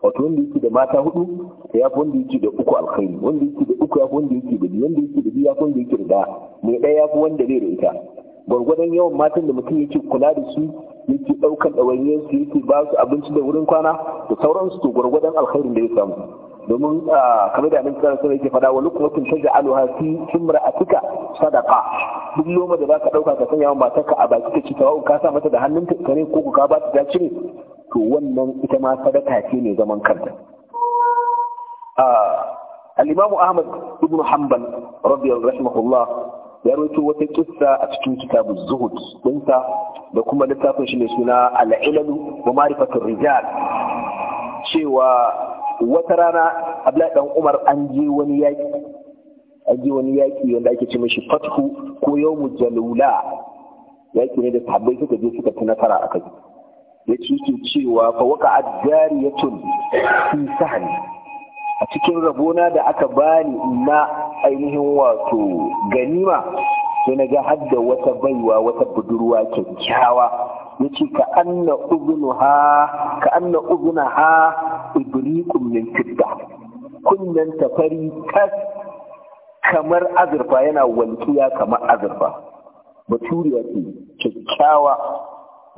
wato wanda yake da mata hudu ya fi wanda yake da uku alkhairi wanda yake da uku ya fi wanda yake da biyu wanda yake da biyu ya fi wanda yake da daya mai daya ya fi wanda bai da ita gwargwadon yawan matan da mutum yake kula da su yake daukan ɗawainiyar su yake ba su abinci da wurin kwana da sauransu to gwargwadon alkhairin da ya samu domin ah, kamar da annabi sallallahu yake fada wa lukmatun taj'aluha fi imra'atika sadaqa duk loma da baka dauka ka sanya wa matarka a baki ka ci tawa ka sa mata da hannunka kare ko ka ba ta dace to wannan ita ma sadaka ce ne zaman kanta Alimamu ahmad ibn hanbal radiyallahu rahimahullah ya rawaito wata kissa a cikin kitabu zuhud dinsa da kuma littafin shi ne suna al-ilalu wa ma'rifatur rijal cewa wata rana Abdullahi dan Umar an je wani yaƙi an je wani wanda ake ce mashi fathu ko mu jalula yaƙi ne da sahabbai suka je suka ci nasara akai ya cike cewa fa waka adariyatun fi sahani a cikin rabona da aka bani na ainihin wato ganima sai na ga hadda wata baiwa wata budurwa kyakkyawa yace ka anna uzunuha ka anna uzunaha min fidda kunnan tafari kas kamar azurfa yana walƙiya kamar azurfa baturiya ce kyakkyawa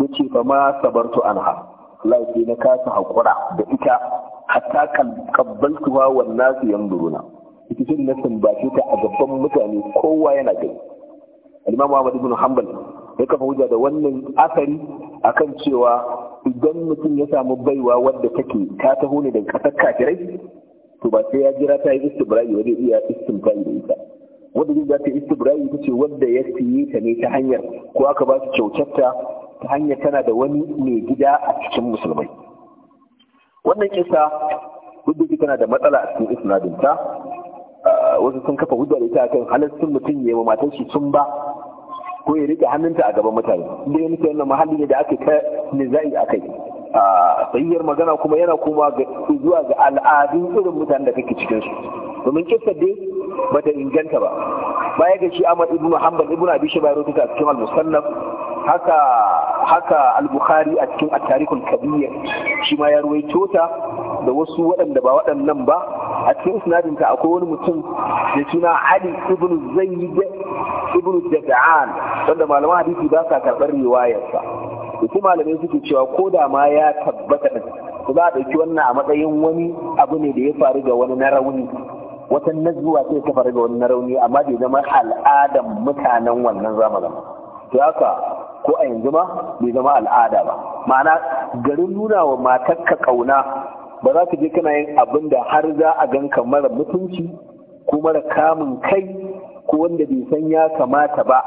yace fa ma sabartu anha Allah sai na kasa hakura da ita hatta kabbaltuha wa nasu duruna. ita ce na tambace ta a gaban mutane kowa yana gani Imam Ahmad ibn Hanbal ya kafa hujja da wannan asari akan cewa idan mutum ya samu baiwa wadda take ta taho ne daga kasar kafirai to ba sai ya jira ta yi istibra'i ba zai iya istimta'i da ita wanda zai za ta istibra'i ta ce wanda ya siye ta ne ta hanyar ko aka ba su kyautarta hanya tana da wani mai gida a cikin musulmai wannan kisa duk da tana da matsala a cikin isnadinta eh, wasu sun kafa hujja da ita akan halittun mutum ya yi matan shi sun ba ko ya rike hannunta a gaban mutane inda ya nufi wannan mahalli ne da aka ta nizai a kai tsayyar magana kuma yana kuma zuwa ga al'adun irin mutanen da kake cikin su domin kisa dai bata inganta ba baya ga shi Ahmad Ibrahim, Hanbal Ibrahim, Abi Shayba ta cikin al-Musannaf haka haka al-bukhari a cikin at al kabir shi ma ya ruwaito ta da wasu waɗanda ba waɗannan ba a cikin isnadin ta akwai wani mutum da suna Ali ibn Zayd ibn Jad'an wanda malaman hadisi ba sa karɓar sa Duk malamai suke cewa ko da ma ya tabbata ku za a ɗauki wannan a matsayin wani abu ne da ya faru ga wani na rauni wata nazuwa sai ta faru ga wani na rauni amma bai zama al'adan mutanen wannan zamanin to haka ko a yanzu ma bai zama al'ada ba ma'ana garin nuna wa matarka kauna ba za ka je kana yin abin da har za a gan ka mara mutunci ko mara kamun kai ko wanda bai san ya kamata ba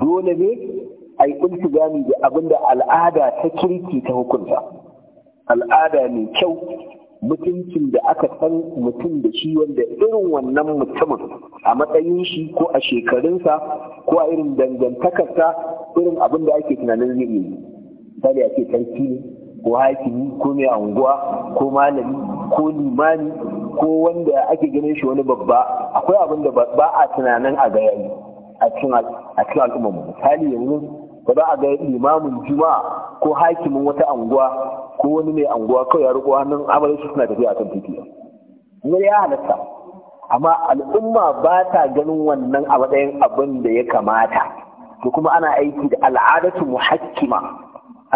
dole ne a yi iltizami da abin da al'ada ta kirki ta hukunta al'ada mai kyau mutuncin da aka san mutum da shi wanda irin wannan mutumin a matsayin shi ko a shekarunsa ko a irin dangantakarsa irin abin da ake tunanin zai yi misali a ce ne ko hakimi ko mai anguwa ko malami ko limani ko wanda ake ganin shi wani babba akwai abin da ba a tunanin a ga a cikin al'ummar misali yanzu ba za a ga limamin juma'a ko hakimin wata anguwa ko wani mai anguwa kawai ya riko hannun amalin su suna tafiya kan titi ne ya halatta amma al'umma ba ta ganin wannan a matsayin abin da ya kamata to kuma ana aiki da al'adatu muhakkima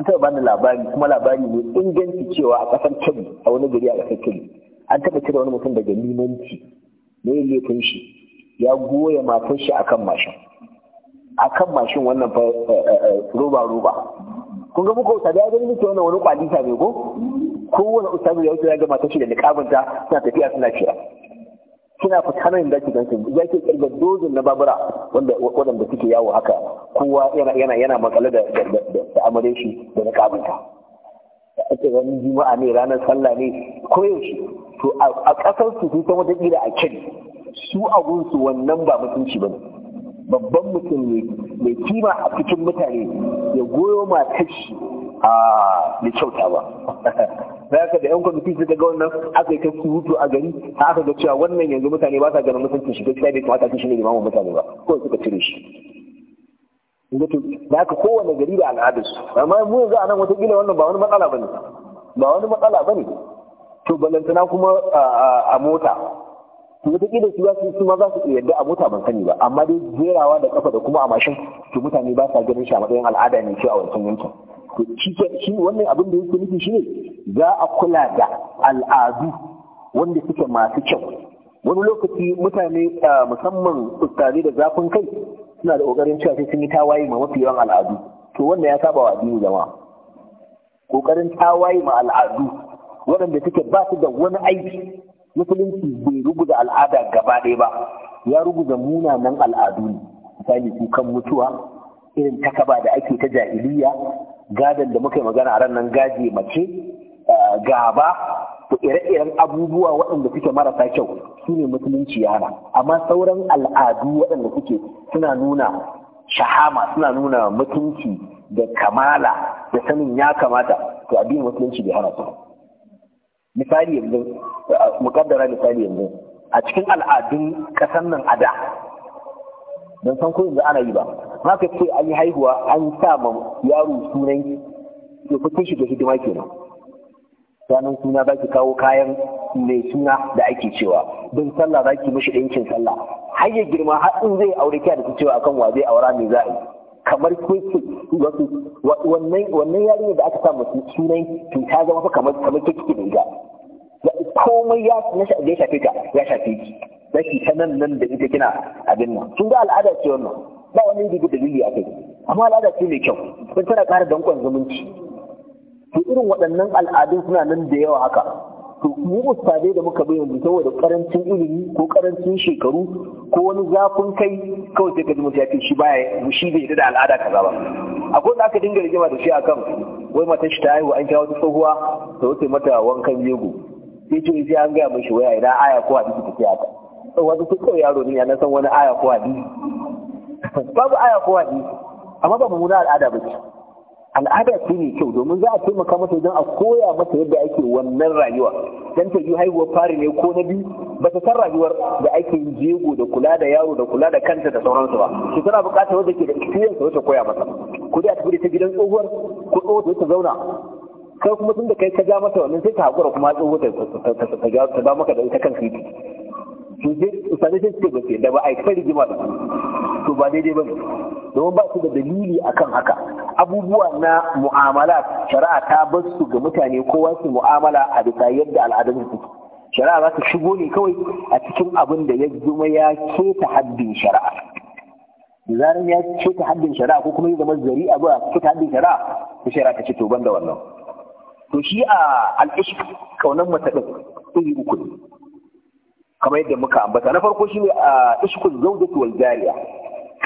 an taɓa bani labari kuma labari ne inganci cewa a ƙasar kebbi a wani gari a ƙasar kebbi an taɓa cire wani mutum daga limanci ne laifin shi ya goya matar shi akan mashin akan mashin wannan eh, eh, eh, roba roba kun ga muka ustadi ya gani muke wannan wani kwalita ne ko wani ustadi ya wuce ya ga mata shi da ta suna tafiya suna kira suna fitanar da kike gansu ya ke kirga dozin na babura wanda waɗanda suke yawo haka kowa yana yana yana makale da da amare shi da na ta ake wani juma'a ne ranar sallah ne koyaushe to a ƙasar su sun san wata kira a kin su a gunsu wannan ba mutunci ba ne babban mutum ne mai kima a cikin mutane ya goyo matar shi a da kyauta ba za ka da yan kwamitin suka ga wannan aka yi ta surutu a gari a aka ga cewa wannan yanzu mutane ba sa ganin mutuncin shi gaskiya bai kamata shi ne limamin mutane ba kawai suka cire shi zato da haka kowane gari da al'adarsu amma mu yanzu a nan watakila wannan ba wani matsala ba ne ba wani matsala ba ne to balantana kuma a mota to wataƙila su wasu su ma za su yarda a mota ban sani ba amma dai jerawa da kafa da kuma a mashin to mutane ba sa ganin shi a matsayin al'ada ne ce a wancan yankin to shi wannan abin da yake nufi ne za a kula da al'adu wanda suke masu kyau wani lokaci mutane musamman ustazi da zafin kai suna da kokarin cewa sai sun yi tawaye ma mafi yawan al'adu to wanda ya saba wa addini jama'a ƙoƙarin tawaye ma al'adu waɗanda suke ba su da wani aiki musulunci bai ruguza al'ada gaba ɗaya ba ya ruguza munanan al'adu ne misali kukan mutuwa irin takaba da ake ta jahiliya gadon da muka yi magana a ranar nan gaje mace gaba da ire-iren abubuwa waɗanda suke marasa kyau su ne musulunci yana amma sauran al'adu waɗanda suke suna nuna shahama suna nuna mutunci da kamala da sanin ya kamata to addinin musulunci bai hana su misali yanzu mukaddara misali yanzu a cikin al'adun kasan nan a da don san ko yanzu ana yi ba ma ka ce an yi haihuwa an sa ma yaro sunan to kun shiga hidima kenan ranar suna za ki kawo kayan mai suna da ake cewa don sallah za ki mishi ɗinkin sallah har ya girma har in zai aure kya da su cewa akan wa zai aura mai za kamar keke wato wannan wannan yarinya da aka samu sunan to ta zama fa kamar kamar keke da ya komai ya na ya shafe ka ya shafe ki zaki ta nan nan da ita kina abin nan Tun ga al'ada ce wannan ba wani da dalili a kai amma al'ada ce mai kyau kun tana ƙara dankon zumunci to irin waɗannan al'adun suna nan da yawa haka to mu ustadai da muka bayyana saboda karancin ilimi ko karancin shekaru ko wani zafin kai kawai sai ka ji mutum ya ce shi baya mu shi bai da al'ada kaza ba akwai da aka dinga rigima da shi kan wai mata shi ta haihu an kawo ta tsohuwa ta wuce mata wankan jego sai ce sai an gaya mishi waya idan aya ko hadisi take haka tsohuwa sai kawai yaro ne ya na san wani aya ko hadisi babu aya ko hadisi amma ba mu na al'ada ba ce al'ada ce mai kyau domin za a taimaka mata idan a koya mata yadda ake wannan rayuwa dan ta yi haihuwar fari ne ko na biyu ba ta san rayuwar da ake yin jego da kula da yaro da kula da kanta da sauransu ba shi tana bukatar wanda ke da experience wacce koya mata ko dai a tafi da ta gidan tsohuwar ko tsohuwar ta zauna kai kuma tun da kai ka ja mata wannan sai ta hakura kuma tsohuwar ta ta ta maka da ita kan ta su je usane sai suke ba da ba a yi ta rigima da to ba daidai ba ne domin ba su da dalili akan haka abubuwa na mu'amala shari'a ta bar su ga mutane kowa su mu'amala a bisa yadda al'adun su shari'a za ta shigo ne kawai a cikin abin da ya zuma ya keta haddin shari'a zaran ya keta haddin shari'a ko kuma ya zama a ba keta haddin shari'a ko shari'a ta ce to ban da wannan to shi a al'ishi kaunan mata ɗin iri uku ne kamar yadda muka ambata na farko shine a ishkul zawjatu wal jariya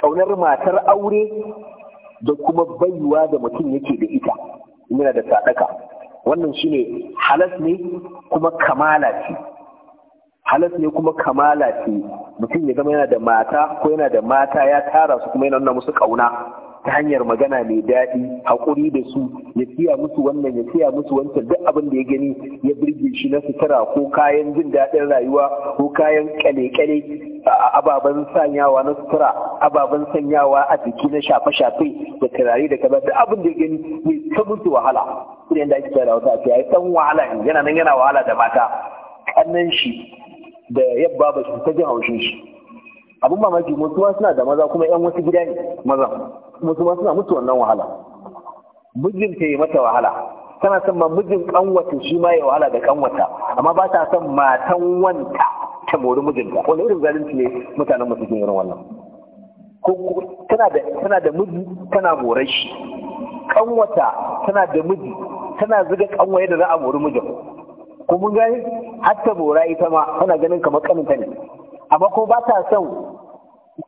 kaunar matar aure da kuma baiwa da mutum yake da ita yana da sadaka wannan shine halas ne kuma kamala ce halas ne kuma kamala ce mutum ya zama yana da mata ko yana da mata ya tara su kuma yana nuna musu kauna ta hanyar magana mai daɗi haƙuri da su ya siya musu wannan ya siya musu wancan duk abin da ya gani ya birge shi na sutura ko kayan jin daɗin rayuwa ko kayan ƙale a ababen sanyawa na sutura ababen sanyawa a jiki na shafe-shafe da turare da kaza duk abin da ya gani mai ta musu wahala kuma yadda ake kira wata a yi ɗan wahala ne, yana nan yana wahala da mata ƙannan shi da yabba ba shi ta jin haushin shi abin mamaki mutuwa suna da maza kuma 'yan wasu gida ne mazan kuma ba suna mutu wannan wahala ta yi mata wahala tana son ma mijin kanwata shi ma ya wahala da kanwata amma ba ta son matan wanta ta mori mijinta wani irin zalunci ne mutanen mu cikin irin wannan tana da tana da miji tana mori shi kanwata tana da miji tana zuga kanwaye da za a mori mijin ko mun gani hatta mora ita ma tana ganin kamar kaninta ne amma ko ba ta son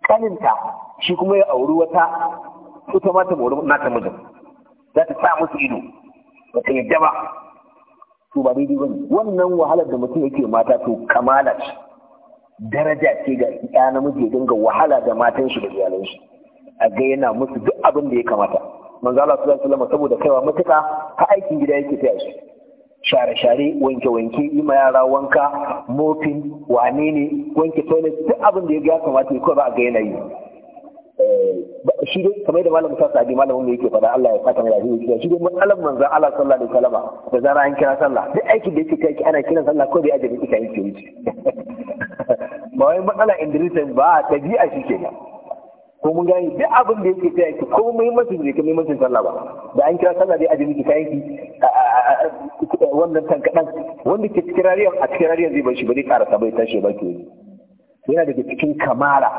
kaninta shi kuma ya auri wata ko ta mata boro na ta mijin za ta sa musu ido ba ta yadda ba to ba daidai ba ne wannan wahalar da mutum yake mata to kamala ce daraja ce ga ya namiji ya dinga wahala da matan shi da iyalan shi a ga yana musu duk abin da ya kamata manzo Allah sallallahu alaihi saboda kaiwa matuka ka aikin gida yake taya shi share-share wanke-wanke yi ma yara wanka mofin wane ne wanke toilet duk abin da ya ga kamata ya kawai ba a ga yanayi shi dai kamar da malamin sa sadi malamin mai yake faɗa Allah ya fata mai lafiya shi dai alam manzo Allah sallallahu alaihi wasallam da zara an kira sallah duk aikin da yake kai ana kiran sallah ko bai ajabi kika yake wuce ba wai matsala indirisin ba tabi'a shi kenan ko mun gani duk abin da yake kai ki ko muhimmancin da yake muhimmancin sallah ba da an kira sallah dai ajin ki kayan ki wannan tankadan wanda ke cikin rariya a cikin rariya zai bar shi ba zai karasa bai tashi ba ke yana daga cikin kamala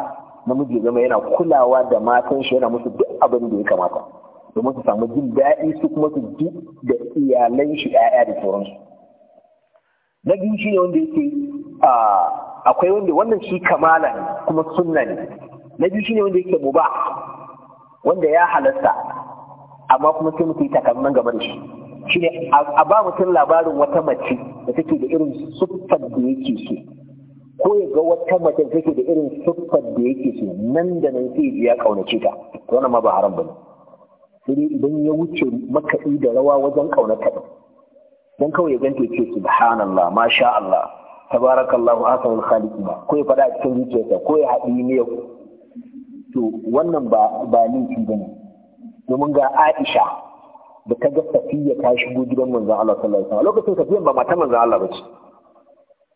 namiji zama yana kulawa da matan shi yana musu duk abin da ya kamata domin su samu jin daɗi su kuma su ji da iyalan shi ƴaƴa da sauransu na biyu shi ne wanda yake akwai wanda wannan shi kamala ne kuma sunna ne na biyu shi ne wanda yake boba, wanda ya halasta amma kuma sai mutum takamman game da shi shine a ba mutum labarin wata mace da take da irin siffar da yake so ko ya ga wata mace take da irin siffar da yake so nan da nan sai ya kaunace ta to wannan ma ba haram bane sai idan ya wuce makaɗi da rawa wajen kaunata ta dan kawai ya ganta ce subhanallah masha Allah tabarakallahu ahsanul khaliqina ko ya fada a cikin zuciyarsa ko ya haɗi ne to wannan ba ba laifi bane domin ga Aisha da ta ga Safiya ta shigo gidan manzon Allah sallallahu alaihi wasallam lokacin Safiya ba mata manzon Allah bace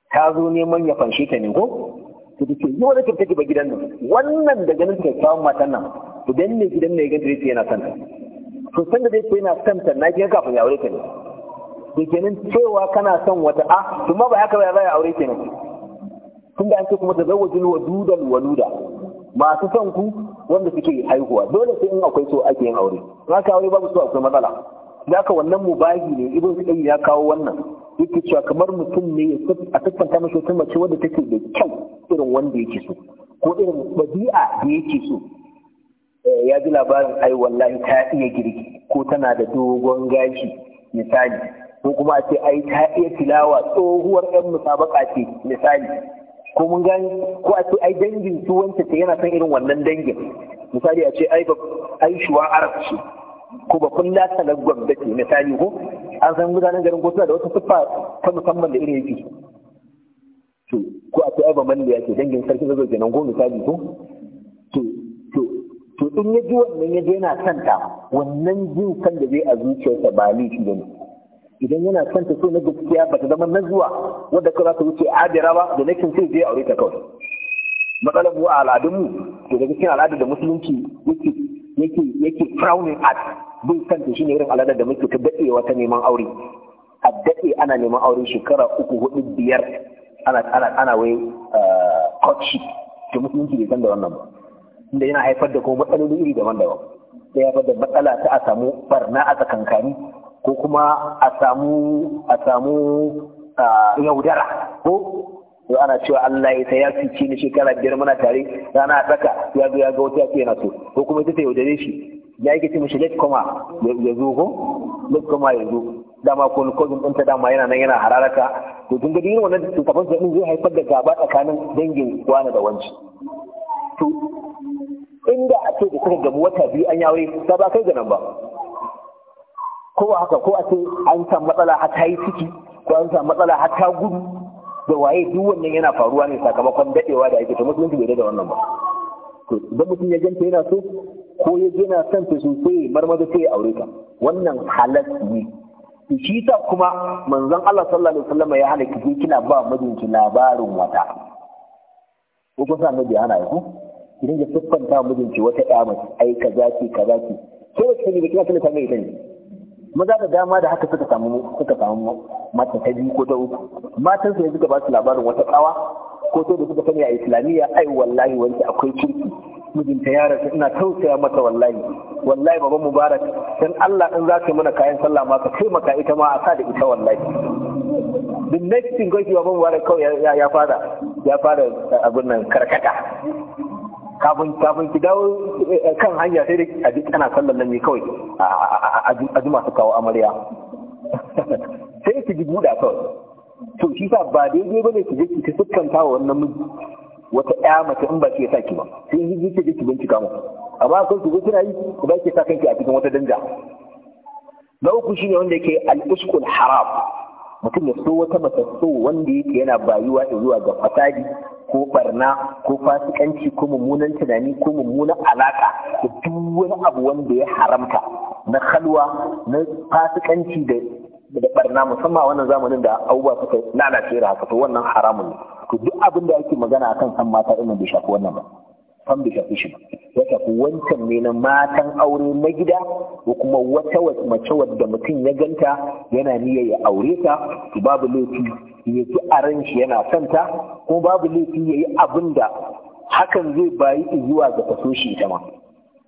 ta zo neman ya fanshe ta ne ko to ta ce yi wani ta ke ba gidan nan wannan da ganin ta samu matan nan idan ne gidan ne ganta ta yana santa to san da zai ce yana santa na ki kafin ya aure ta ne to kenan cewa kana son wata a ah, to ma ba haka ba za ya aure kenan tunda an ce kuma da zawajin wadudan waluda masu son ku wanda suke haihuwa dole sai in akwai so ake yin aure in aka aure babu so akwai matsala Zaka wannan mubahi ne ibn qayyim ya kawo wannan yake cewa kamar mutum ne a tattanta mashi wata mace wadda take da kyau irin wanda yake so ko irin ɗabi'a da yake so eh, ya ji labarin ai wallahi ta iya girki ko tana da dogon gashi misali ko kuma a ce ai ta iya tilawa tsohuwar yan musabaka ce misali ko mun gani ko a ce ai dangin tuwanta ta yana son irin wannan dangin misali a ce ai ai shuwa arab ce ko ba kun lata na gwamnati misali ko an san gudanar garin ko da wata siffa ta musamman da irin yake to ko a ai baman da yake dangin sarki zazo nan ko misali ko to to to in ya ji wannan ya je yana santa wannan jin san da zai a zuciyarsa ba shi bane idan yana santa so na gaskiya ba ta zama na zuwa wanda ka za ta wuce adira ba da nakin sai zai aure ta kawai matsalar mu a al'adunmu to daga cikin al'adar da musulunci yake yake yake frowning at bin kanta ne irin aladar da muke ta dadewa ta neman aure a dade ana neman aure shekara uku hudu biyar ana ana ana wai eh, courtship to mutum ke san da wannan ba inda yana haifar da kuma matsaloli iri daban-daban ya haifar da matsala ta a samu barna a tsakankani ko kuma a samu a samu eh, yaudara ko to ana cewa Allah ya ya fice ni shekara biyar muna tare rana tsaka ya zo ya ga wata ce yana so ko kuma ita ta yaudare shi ya yake ce shi let koma ya zo ko let koma ya zo dama ko ni kozin ta dama yana nan yana hararaka to tun ga irin wannan tafan din zai haifar da gaba tsakanin dangin wani da wanci to inda a ce da kuka gabu wata biyu an yawo ta ba kai ga nan ba ko haka ko a ce an samu matsala har ta yi ciki ko an samu matsala har ta gudu to waye duk wannan yana faruwa ne sakamakon dadewa da ake to musulunci bai da wannan ba to idan mutum ya ganta yana so ko ya je san son ta sosai marmaza sai ya aure ta wannan halas ne shi ta kuma manzon Allah sallallahu alaihi wasallam ya hana ki kina ba mijinki labarin wata ko ko sa nabi hana ku idan ya siffanta mijinki wata ƴa mace ai kaza ki kaza ki ko wacce ne kina tana ta mai ita ne maza da dama da haka suka samu suka samu mata ta biyu ko ta uku matan su ne suka ba su labarin wata tsawa ko sai da suka sani a islamiyya ai wallahi wanda akwai kirki mijinta ya rasu ina tausaya mata wallahi wallahi baban mubarak dan Allah in za ka mana kayan sallah ma ka taimaka ita ma a sa da ita wallahi the next thing kawai baban mubarak kawai ya fara ya fara abin nan karkata kafin kafin ki dawo eh, kan hanya sai dai a duk ana sallar nan ne kawai a ji masu kawo amarya sai ki ji buɗa kawai to shi sa ba daidai bane ki je ki ta sukkanta wa wannan miji wata 'ya mace in ba ki sa ki ba sai yi ki je ki bincika mu amma akwai ki zo kina yi ku ba ki sa kanki a cikin wata danja na uku ne wanda yake al-usqul haram mutum ya so wata mace so wanda yake yana bayuwa zuwa ga fasadi ko barna ko fasikanci ko mummunan tunani ko mummunan alaka da duk wani abu wanda ya haramta na halwa na fasikanci da da barna musamman wannan zamanin da abubuwa suka lalace da haka to wannan haramun ne to duk abin da ake magana akan san mata irin da shafi wannan ba kan bai shafi ba wata wancan ne na matan aure na gida ko kuma wata mace wadda mutum ya ganta yana niyyar ya aure ta to babu laifi ya ci aran shi yana son ta ko babu laifi ya yi abin da hakan zai bayi zuwa ga kaso shi ita ma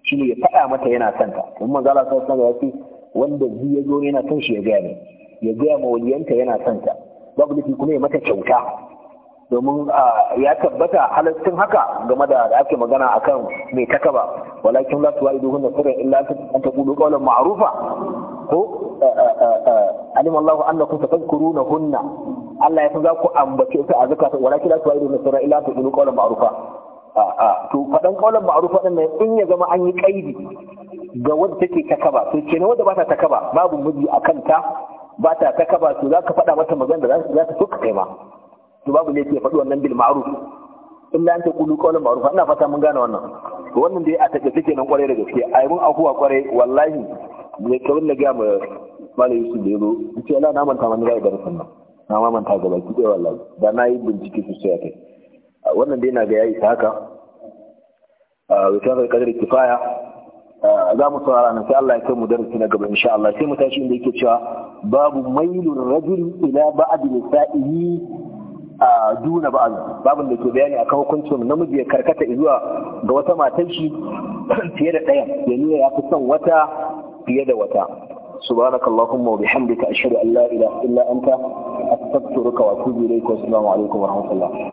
shi ne ya faɗa mata yana son ta kuma manzo Allah sallallahu alaihi wanda zai ya zo yana son shi ya gaya ne ya gaya ma waliyanta yana son ta babu laifi kuma ya mata kyauta domin ya tabbata halittun haka game da da ake magana akan mai takaba walakin la tuwaidu hunna sirran illa an taqulu qawlan ma'rufa ko alim Allah annakum hunna, Allah ya san za ku ambace su a zakata walakin la tuwaidu hunna sirran illa an taqulu qawlan ma'rufa to faɗan ƙaunar ma'arufa ɗin nan in ya zama an yi ƙaidi ga wanda take ta kaba to kenan wanda ba ta ta kaba babu miji a kanta ba ta ta kaba to za ka faɗa mata magana da za ta so ka kai ma to babu laifi ya faɗi wannan bil ma'ruf la anta qulu qawlan ma'ruf ina fata mun gane wannan to wannan dai a take nan kware da gaske ai mun afuwa kware wallahi ne kawai na ga mu malai su da yazo ce la na manta mun ga darasin nan na ma manta ga baki dai wallahi da na yi bincike sosai sai kai wannan dai na ga yayi ta haka wutar da kadar kifaya za mu saurara nan sai Allah ya kai mu darasi na gaba insha Allah sai mu tashi inda yake cewa babu mailu rajul ila ba'd nisa'ihi a duna ba babin da ke bayani akan hukuncin namiji ya karkata zuwa ga wata matan shi fiye da ɗaya ya nuna ya fi son wata fiye da wata سبحانك اللهم وبحمدك أشهد أن لا إله إلا أنت أستغفرك وأتوب إليك والسلام عليكم ورحمة الله